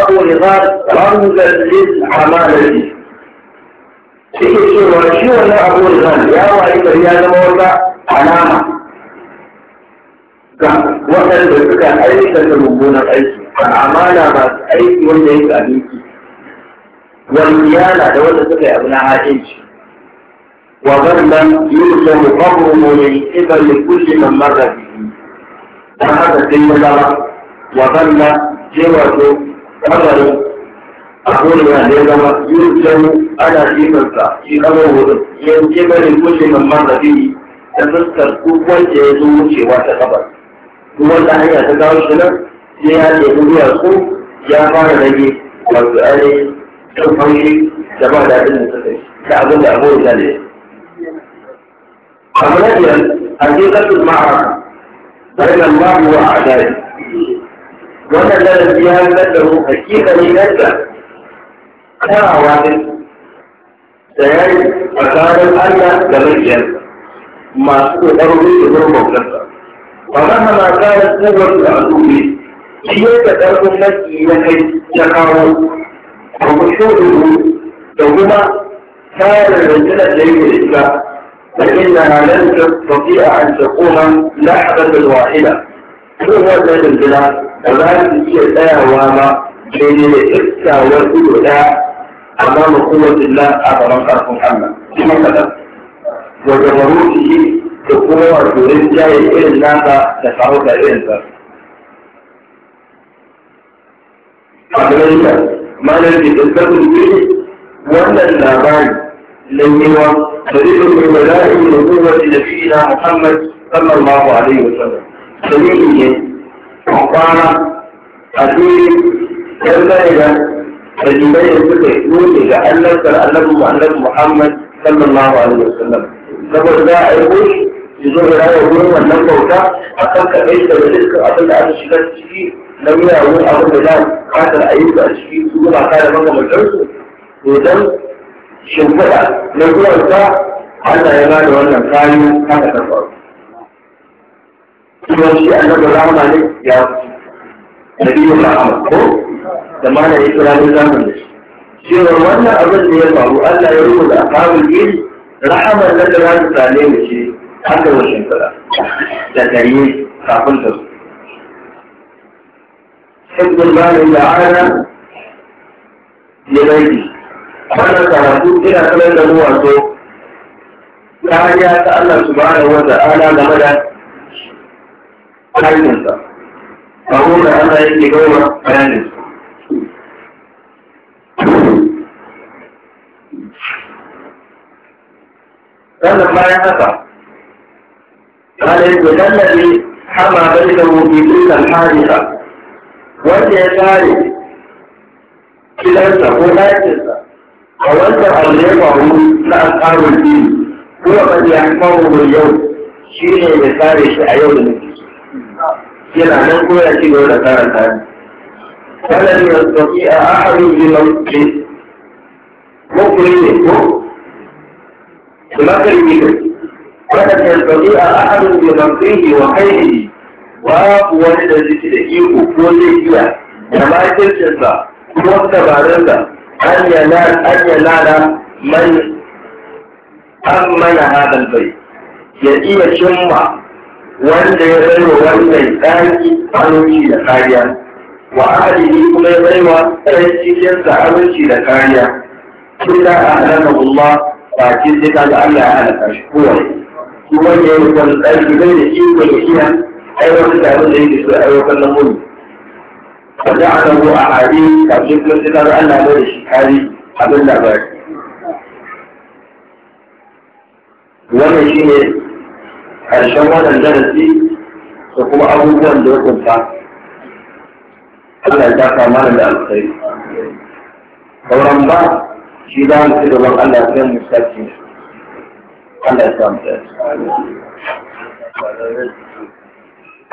أبو نظار رمزا للعمالة دي سيكي سورة شو أنا أبو نظار يا وعي فريانا مولا حنامة كان وقت البركان أي سنة amana masu aiki wanda ya sami ki waliyana da wanda suka yi abu na hajjinci wa zannan yusuf qabruhu min qibal kulli man da bihi Da haka sai ya zama wa zannan je wato kabarin abu ne da ya zama yusuf ana jimansa shi kama wurin yan qibal kulli man da bihi ta fuskar kukwai da ya zo wucewa ta kabar kuma ta hanya ta gawo shi nan sai ya ce, ɗebi su ya fara rage wasu ainihin ɗan faushi da ba daɗin da suka yi da abin da abu da ne. Abu na biyar, hakikatun ma'araka, ba Allah wa adari. Wannan lalaci ya hankar da mu hakika ne yadda karawa ne da ya yi tsakanin Allah da makiyarsa masu ƙoƙarin rufe gurbin kansa. Wa mahama kayan tsohon da al'ummi shi ne da zarfin nasi ya kai ta kawo domin shudu da kuma tsarin rundunar da yake da ita فإنها لن تستطيع أن تقوم لحظة واحدة هو ذات الجنة وذات الشيء وما بين الإفتاء والأولى أمام قوة الله أمام خلق محمد مثلا وجبروته تقوى الرجال إلا تفعل إلا amurka malar da islamu da ke wannan labari lanyewa da zai ɗauke da ra'ayi da kowace da fi na muhammad sallallahu alaihi wasallam dalili ne kwana a dole dangane da dalilai da suka yi dole ga annabtar annabi annabi muhammad sallallahu alaihi wasallam saboda za a yi koshi ya zo da rayuwar wannan bauta a kan kaɗai da dukkan abin da aka shiga ciki don yana wani abin da za fatar da a ciki su ba ka da makamantarsu to don shimfiɗa na zuwansa Allah ya ba da wannan kayan haka ta faru. Kuma shi annabi rama ne ya fi da biyu Nabiyu Muhammad ko da mana ya kira ne zamani. Cewa wannan abin da ya faru Allah ya rubuta a kamun iri rahamar nan da za ta same mu ce har da wasu shimfiɗa da gari kafin ta حفظ المال تعالى بيديه wannan karatu ina sanar da mu wato ta hanya ta Allah subhanahu wa ta'ala game da hanyarsa a da Allah yake gauma bayaninsa sannan bayan haka Allah yake bai da mu bi dukkan harisa wanda ya tare gidansa ko ɗakinsa a wancan abu ya faru na biyu ko a ba ya kawo yau shi ne ya tare shi a yau da nufi yana nan ko ya ci gaba da karanta ne wannan ne sauki a ahari yi na wuce ko kuri ne ko kuma kalmi ne wannan ne sauki a ahari yi na wuce wa kai ne babu wani da ziki da iko ko zai iya da makircinsa ko wasu dabarunsa an yi an yana man an mana hadal bai ya iya cimma wanda ya wa wannan tsaki aminci da kariya wa ahalihi kuma ya baiwa ɗan cikinsa aminci da kariya kila a halaka Allah ba ce sai ka ga Allah ya halaka shi kowai kuma wanda ya wani tsarki bai da da iya aiwatar da abin da yake so aiwatar na muni wanda a nan a hari kafin kuma sai kaga Allah mai da shi kari abin labari wannan shi ne ƙarshen wannan darasi da kuma abubuwan da ya kunta Allah ya dafa mana da alkhairi sauran ba shi za mu ci gaban Allah ya kai mu sake Allah ya samu tsaya.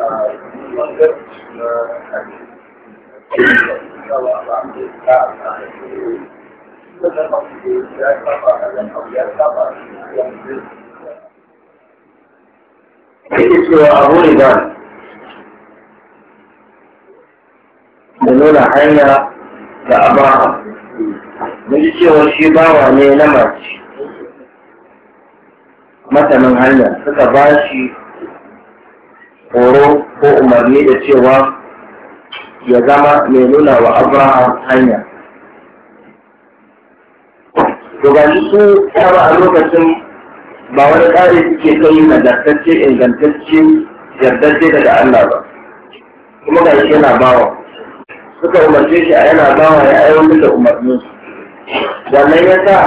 yake cewa a wuri da da nuna hanya da abaha mun cewa shi bawa ne na mace matanin hanya suka ba shi horo ko umarni da cewa ya zama mai nuna wa abraham hanya to su ba a lokacin ba wani tsari suke kai nagartacce ingantacce yardacce daga allah ba kuma ga shi yana bawa suka umarce shi a yana bawa ya aiwatar da umarnin wannan ya sa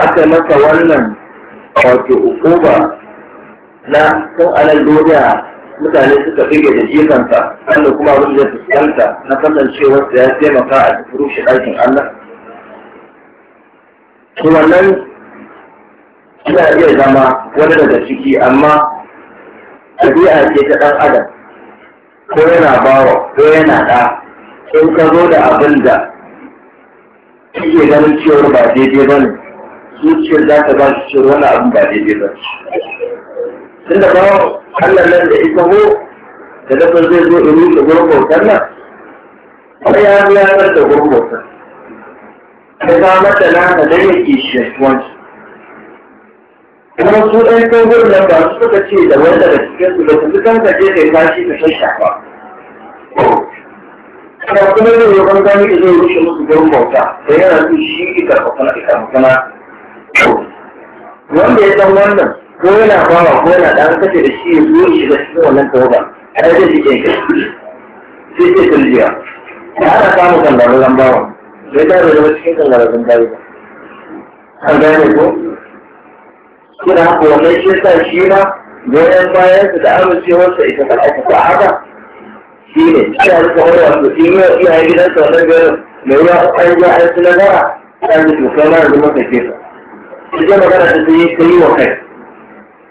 aka masa wannan wato ukuba na tun a nan duniya mutane suka fige da jikanta wanda kuma abin da fuskanta na kasancewarsa ya taimaka a rushe ɗakin Allah. To wannan ina iya zama wani daga ciki amma ɗabi'a ce ta ɗan adam ko yana bawa ko yana ɗa in ka zo da abin da kake ganin cewar ba daidai ba ne zuciyar za ta ba shi cewar wani abin ba daidai ba tun da bawa Allah nan da ita ho da dafa zai zo in yi gurin bautar sai ya zo ya da gurin bautar sai ba mata na ka dai yake shi wanci kuma su ɗan kogon nan ba su suka ce da wanda da cikin su da su kan ka je kai tashi ka shafa. kuma kuma zai yi wani gani da zai rushe musu gurin bauta sai yana su shi ita kuma ita kuma wanda ya san wannan ko yana bawa ko yana da an kace da shi ya zo shi da cikin wannan tawaga a da zai cikin kai sai ce turjiya da ana samun kangararren bawa bai da zama cikin kangararren bayi ba an gane ko kira haka wannan shi sa shi ma goyon bayan su da amincewarsa ita ta aka aikata haka shi ne shi ya da kawai wasu shi ne ya gidan sa wannan gari mai ya an ja an su nazara ta yi tukar mara zama kai sa kefa. Ita magana ta yi ta yi wa kai.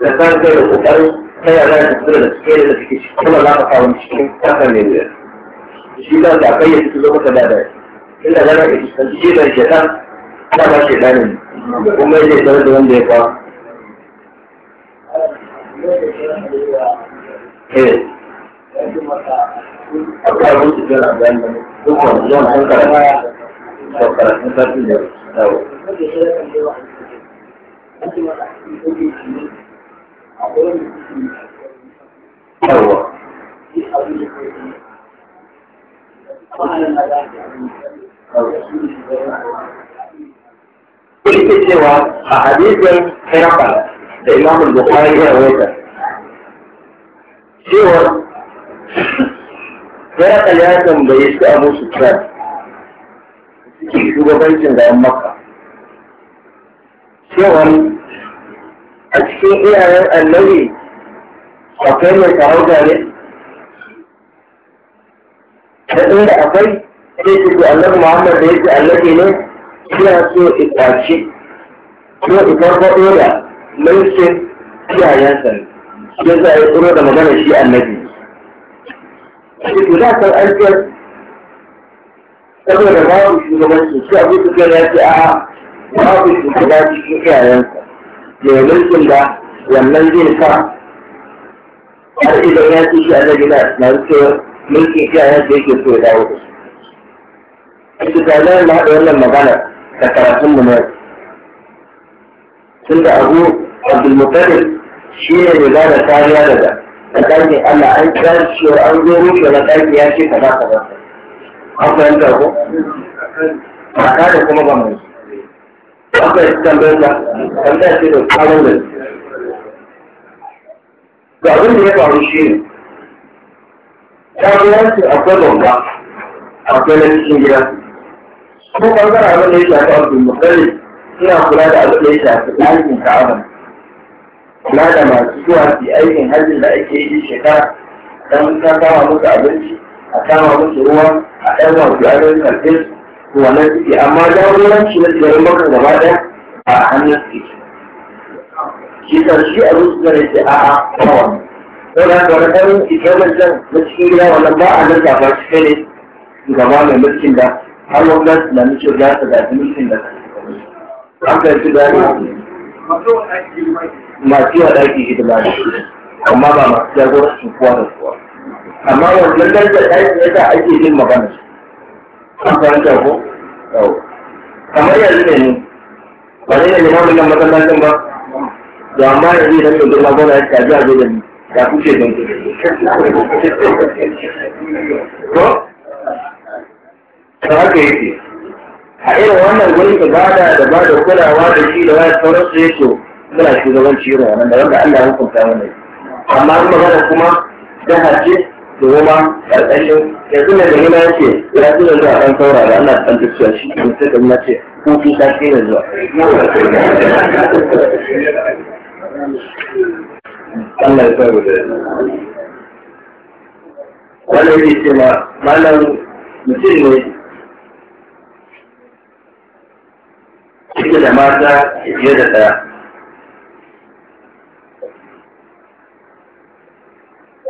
da za ka da kokarin kai a ranar tura da suke da suke kuma za ka kawo cikin kasa mai wuya shi za ka kai ya zo ka da da inda za ka fuskanci shi da shekan ana ba shekanin kuma yake da wanda ya kawo eh akwai abin su jira bayan da duk wani zuwan an karama da karatun sarfin da dawo yawa ita cewa a hadisin hirafa da imamul bukari ya rawaita cewa hirafa ya tambayi su abu su tran shugabancin da yan maka cewa أكفي إلى الذي أقيم التعود عليه فإن أقل تيت تؤلف محمد ليس فيها سوء إقراشي سوء إقراشي أولى ليس فيها ياسر جزاء أولى رمضان الشيء النبي في المسجد في أبوك كان يسعى ما في المسجد mai mulkin da wannan zai sa har idan ya ci shi a zai gina na wuce mulkin shi a yadda yake so ya dawo da shi. Ita ta zai na haɗa wannan magana da karatun mu ne. Tun abu Abdulmutalim shi ne mai bada kariya daga tsakanin Allah an kira shi an zo rufe na ƙarfi ya ce kaza kaza. An fahimta ko? Kaka da kuma ba mai. tambayar da tambayar ce da karon da ga abin da ya faru a kama musu ruwa a ɗan wasu wannan suke amma jagoranci na garin makar gaba ɗaya a hannun suke shi karshe a zuciya ne sai a'a kawai sau da haka wani ɗan ikirman can na cikin gida wannan ba a nan da ba shi kai ne gaba mai mulkin da har wani nan na mace da ta da mulkin da an ka yanzu gani masu yawa ɗaki hidima ne amma ba masu jagorancin kowa da kowa amma wannan da ɗaki ya sa ake yin magana an ko kamar yanzu ne ni ba ne ne mamun nan masallacin ba da amma yanzu idan mai girma gona ya tafi a zo da ni ya kuce don ko ta haka yake a irin wannan gurin ibada da bada da kulawa da shi da wani sauransu ya to muna shugabanci irin wannan da wanda Allah ya hukunta mana amma in magana kuma da hajji kuma ƙarƙashin yanzu mai gani ya ce ya zina zuwa ɗan saura da ana ɗan tafiya shi ne sai da na ce ko fi ta ce zuwa. Allah ya sabu da wannan yake ce ma malam mutum ne yake da mata fiye da ɗaya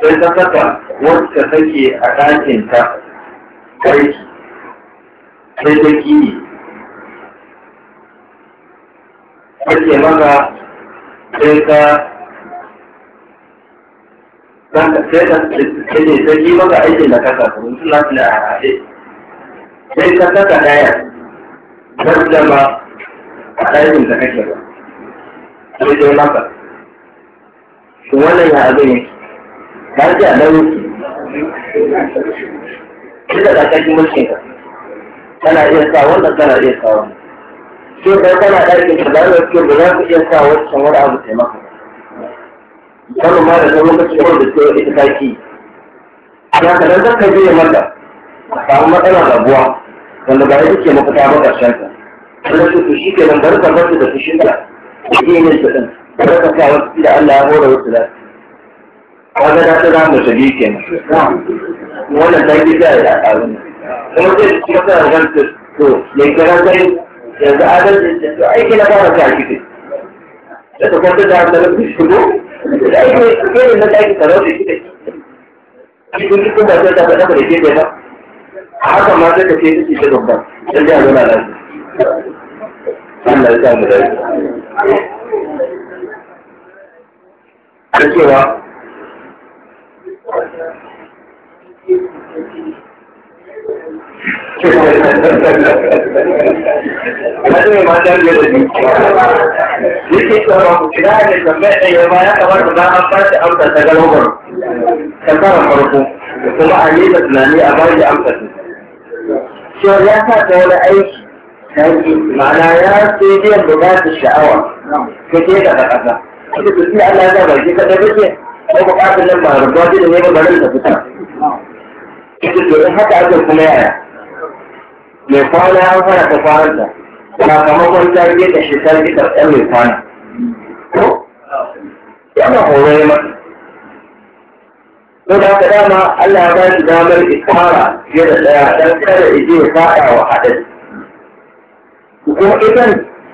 sai ta saka wacce take a ta ƙarki sai ta ƙi take maka sai ka sai ka sai ta ƙi maka aikin da ka saka mutum lafi da a sai ka saka ɗaya don zama a ɗakin da kake ba sai dai maka shi wannan ya abin yake na rage a nauyi duk da kaji mulkin ka kana iya sa wannan kana iya sa wani. So kai kana ɗakin ka da ke ba za ku iya sa wancan wani abu taimaka kano ma da zama lokaci wanda da ke ita taki ana ka dan zaka je mata a samu matsala rabuwa wanda ba yake mafita ba karshen ka Allah su ku shi ke nan bar ka bar da fushin ka ke yin shi din bar ka sa wasu da Allah ya hore wasu lafiya kaga ta ta da ta bi kenan wannan ta yi gida ya karu kuma sai shi ka sa ran To, ya ne kira sai yanzu adalci to aiki na fara ta kike da ta kwanta da ta rubu shigo da aiki irin na aiki ta rubu kike shi kun kifin ba sai ta ba da ke ba A haka ma sai ka ce shi ta dubba sai ya zama nan Allah ya sa mu shi. Ta cewa Wani mai da Yake tsara ku kira da ya kamata ba an ba shi ta farko, kuma a tunani a ba shi amsa ya sa ta wani aiki na yi ma'ana ya ce biyan ta sha'awa. Ka ke da ƙasa. Ita su Allah ya ba shi kaɗai ba ko bukatun nan ba rabuwa da ne ba bari ta fita ita to in haka aka kuma yaya mai kwana ya fara ta kwanar da sakamakon ta rike da shi ta da ɗan mai kwana Ya ba horo ya mata ko da haka dama Allah ya ba shi damar ikara fiye da ɗaya dan kada ije ya faɗa wa haɗari kuma idan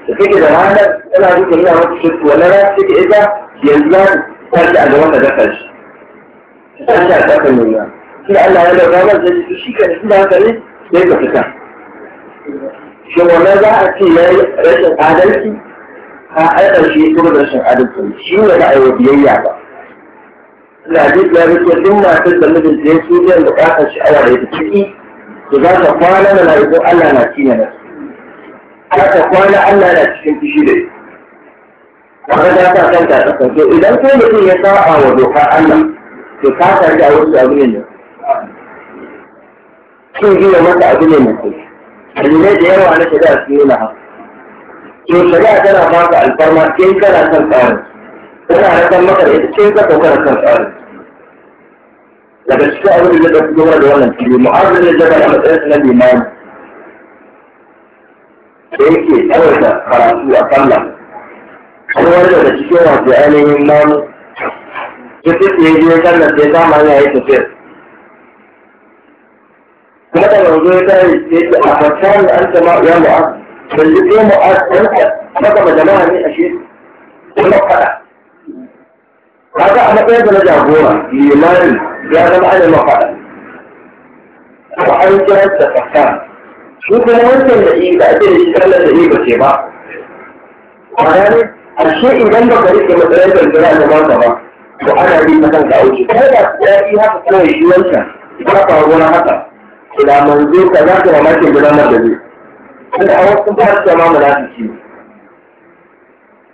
da take da ranar tana duka yana wata shi to na ranar take ita yanzu ta a gaba ka dafa shi ta shi a dafa mai yawa shi Allah ya lauka ba zai ji shi kan shi da haka ne sai ka fita shi wannan za a ce ya yi rashin adalci a aikar shi ya rashin adalci shi ne ba a yi biyayya ba Najib ya rike duk matar da mijin da ya so biyan bukatar sha'awa da ya ciki da za ta kwana da na Allah na cinye na. Za ta kwana Allah na cikin fushi da ita. amma da ka kanta a kasance idan kai mutum ya saba wa dokar Allah to ka tafi a wasu abu ne kin gina masa abu ne mai kai dalilai da yawa na shari'a su yi haka to shari'a tana ba ka alfarma in kana son tsarin tana rasar maka da ita in ka saukar kan tsarin daga cikin abin da zai ɗauki dogara da wannan fili mu'azin da jaba a matsayin na limani da yake tsawaita karatu a sallah kawar wani daga cikin wasu ainihin mamu duk da ya je kan nan sai kama ya yi tafiyar kuma da yanzu ya tare ya ce a fatan da an tama ya mu'az ban duk ya mu'az ɗan maka ma jama'a ne a shi kuma faɗa kaga a matsayin da na jagora limani ya zama ana mafaɗa ko an kira da fatan su kuma wancan da yi da ake da shi kallon da yi ba ce ba a ranar ashe idan ba ka rike matsayin da zanzara da mata ba to ana yi ta kanka a wuce kai da yi haka kawai shi wancan ba faruwa na haka ila manzo ka za ka mamakin gidan da zai kuma a wasu ba su zama munafiki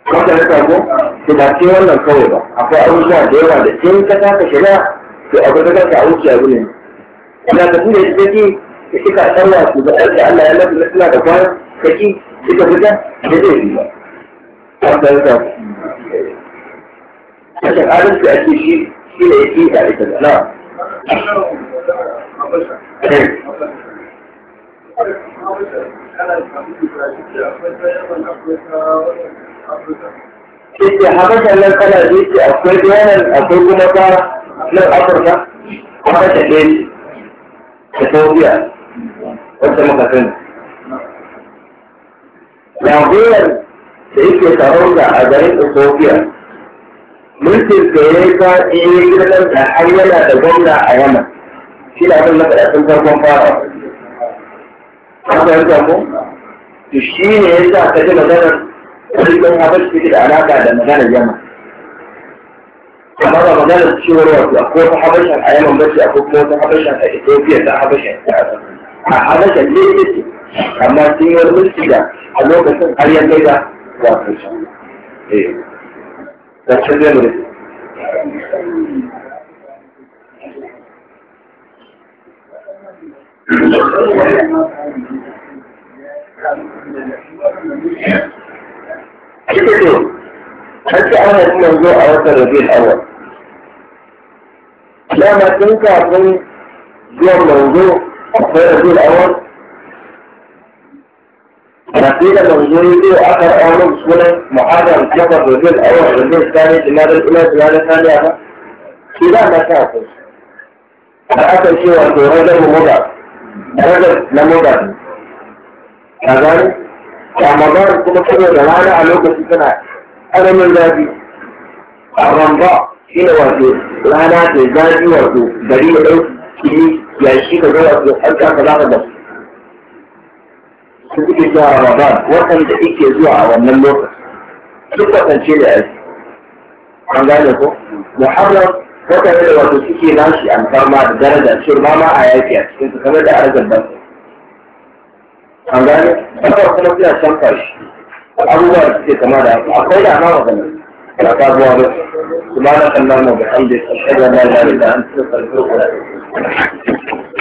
ne wanda na samu su ba ce wannan kawai ba akwai abubuwa da yawa da in ka taka shari'a to abu da kanka a wuce abu ne ina tafi da ita ki ka shi ka tsalla su da Allah ya lafi na da kwana ka ki ka fita da zai yi ba عشان عارف تأتي شيء شيء شيء عليك لا Ita habasha nan kana zuci akwai yanar akwai kuma ta nan Afirka, habasha ɗaya da Saudiya, wacce muka sani. Jagoyar da yake sarauta a garin Ethiopia mulkin da ya ka iya girman da har yana da gwamna a Yaman shi da abin maka sun farkon fara an fahimta ko to shi ne ya sa ka ji maganar mulkin Habashi take da alaka da maganar Yaman amma ba maganar cewar wato akwai wata Habashan a Yaman ba ce akwai kuma wata Habashan a Ethiopia ta Habashan a Habashan ne ce amma sun yi wani mulki da a lokacin har ya kai da لا ان شاء الله ايه ده تشدني حتى انا الموضوع اوصل ربيع الاول لما كنت اكون جوه الموضوع اوصل ربيع الاول نتيجة منظوري دي وأثر أول بسهولة محرم كفر الرجل الأول الرجل الثاني جمال الأولى جمال الثانية هذا كده ما تعرفش الأثر شيء وأنت رجل مضر رجل لا مضر كذلك رمضان كما كنا جمعنا على وجه السنة أنا من ذاتي الرمضاء شيء وأنت لا ناتي ذاتي وأنت بريء أو شيء يعني شيء كذا وأنت أنت أنت لا تبصر da suke zuwa Ramadan waɗanda ike zuwa a wannan lokaci duk kasance da aiki an gane ko Muharram waɗanda da wato suke nashi alfarma da daraja cewa ma ma a yaki a cikin su kamar da arzan ban an gane kasar kuma suna can fashi abubuwa da suke kama da haka akwai da ma magana ba ta zuwa ba سبحانك اللهم وبحمدك أشهد أن لا إله إلا أنت أستغفرك وأتوب إليك